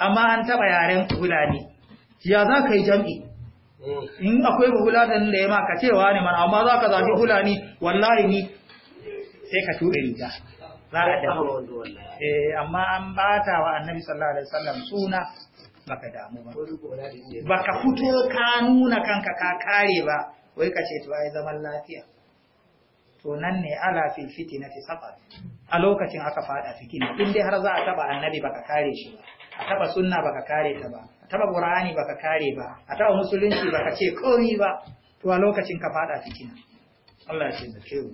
amma an taba yaren fulani ya za ka yi jam'i hmm. in akwai hulanin da ya maka cewa ne mana amma za ka zafi hulani wallahi ni sai ka tuɗe riga za ka da eh, amma an ta wa annabi sallallahu alaihi wasallam suna baka damu ba baka fito ka nuna kanka ka kare ba wai ka ce to ai zaman lafiya to nan ne ala fi fitina fi safar a lokacin aka fada fitina in dai har za a taba annabi baka kare shi ba a taba sunna baka kare ta ba a taba qur'ani baka kare ba a taba musulunci baka ce komai ba to a lokacin ka fada fitina Allah ya ke mu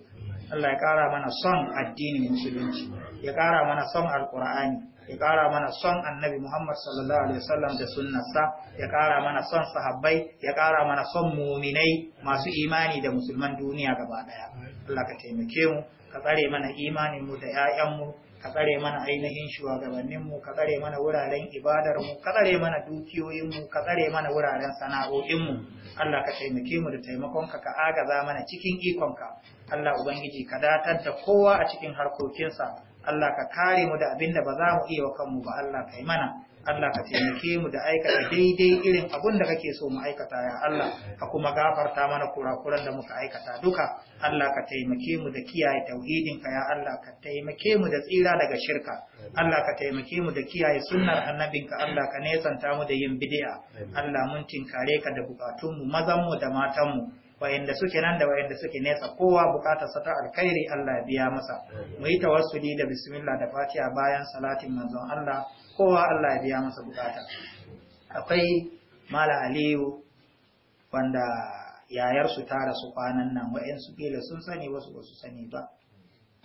Allah ya kara mana son addinin musulunci ya kara mana son alqur'ani ya ƙara mana son annabi Muhammad sallallahu alaihi wasallam da sunnarsa ya ƙara mana son sahabbai ya ƙara mana son muminai masu imani da musulman duniya gaba ɗaya Allah ka taimake mu ka tsare mana imanin mu da 'ya'yanmu, ka tsare mana ainihin mu ka tsare mana wuraren ibadarmu ka tsare mana dukiyoyinmu ka tsare mana wuraren sana'o'inmu Allah ka taimake mu da taimakonka ka agaza mana cikin ikonka Allah ubangiji ka datar da kowa a cikin harkokinsa Allah ka kare mu da abin da ba za mu iya wa kanmu ba Allah ka yi mana Allah ka taimake mu da aikata daidai irin abin da kake so mu aikata ya Allah ka kuma gafarta mana kurakuran da muka aikata duka Allah ka taimake mu da kiyaye tauhidin ka ya Allah ka taimake mu da tsira daga shirka Allah ka taimake mu da kiyaye sunnar annabin ka. Allah ka nesanta mu da yin bid'a Allah mun tinkare ka da bukatun mu mazan mu da matan mu wayanda suke nan da wayanda suke nesa kowa bukatar sata ta alkhairi Allah ya biya masa mu yi tawassuli da bismillah da fatiha bayan salatin manzon Allah kowa Allah ya biya masa bukata akwai mala aliyu wanda yayar su tara su kwanan nan su kila sun sani wasu ba su sani ba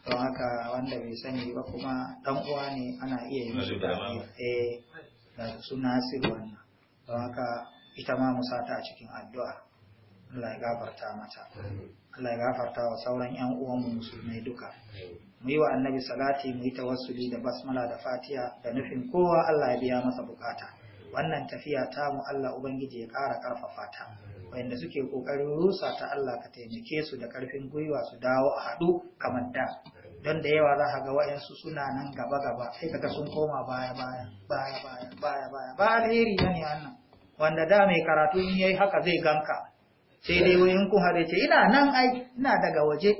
don haka wanda bai sani ba kuma dan uwa ne ana iya yi musu da eh da su nasiru wannan don haka ita ma mu sata a cikin addu'a Allah ya gafarta mata Allah ya gafarta wa sauran ƴan uwanmu musulmai duka mu yi wa annabi salati mu yi tawassuli da basmala da fatiha da nufin kowa Allah ya biya masa bukata wannan tafiya ta mu Allah ubangiji ya ƙara ƙarfafa ta wanda suke ƙoƙarin rusa ta Allah ka taimake su da ƙarfin gwiwa su dawo a haɗu kamar da don da yawa za ka ga wa'yansu suna nan gaba gaba sai kaga sun koma baya baya baya baya baya baya ba alheri ne wannan wanda da mai karatu in yayi haka zai ganka sai dai wuyin kun haɗe ce ina nan ai ina daga waje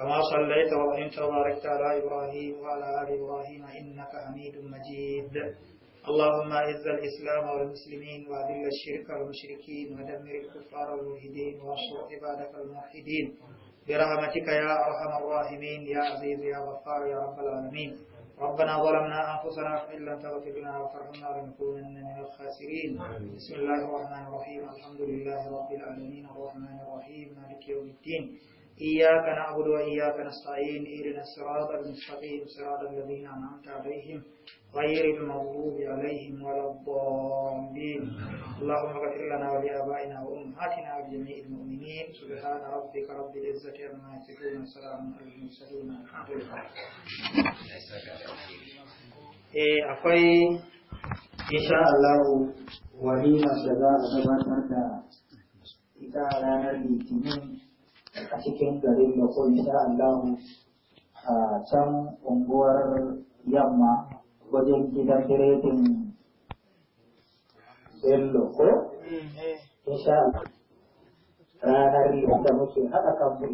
كما صليت وباركت وباركت على إبراهيم وعلى آل إبراهيم إنك حميد مجيد اللهم أعز الإسلام والمسلمين وأذل الشرك والمشركين ودمر الكفار والملحدين وانصر عبادك الموحدين برحمتك يا أرحم الراحمين يا عزيز يا غفار يا رب العالمين ربنا ظلمنا أنفسنا فإن لم تغفر لنا وترحمنا لنكونن من الخاسرين بسم الله الرحمن الرحيم الحمد لله رب العالمين الرحمن الرحيم مالك يوم الدين إياك نعبد وإياك نستعين إهدنا الصراط المستقيم صراط الذين أنعمت عليهم غير المغضوب عليهم ولا الضالين اللهم اغفر لنا ولآبائنا وأمهاتنا وجميع المؤمنين سبحان ربك رب العزة عما يصفون وسلام على المرسلين الحمد لله أخوي إن شاء الله da za a gabatar da ita ranar litinin a cikin garin da ko insha Allah a can unguwar yamma wajen gidan biredin Bello ko? Mm, eh. Insha Allah ranar da muke haɗa kan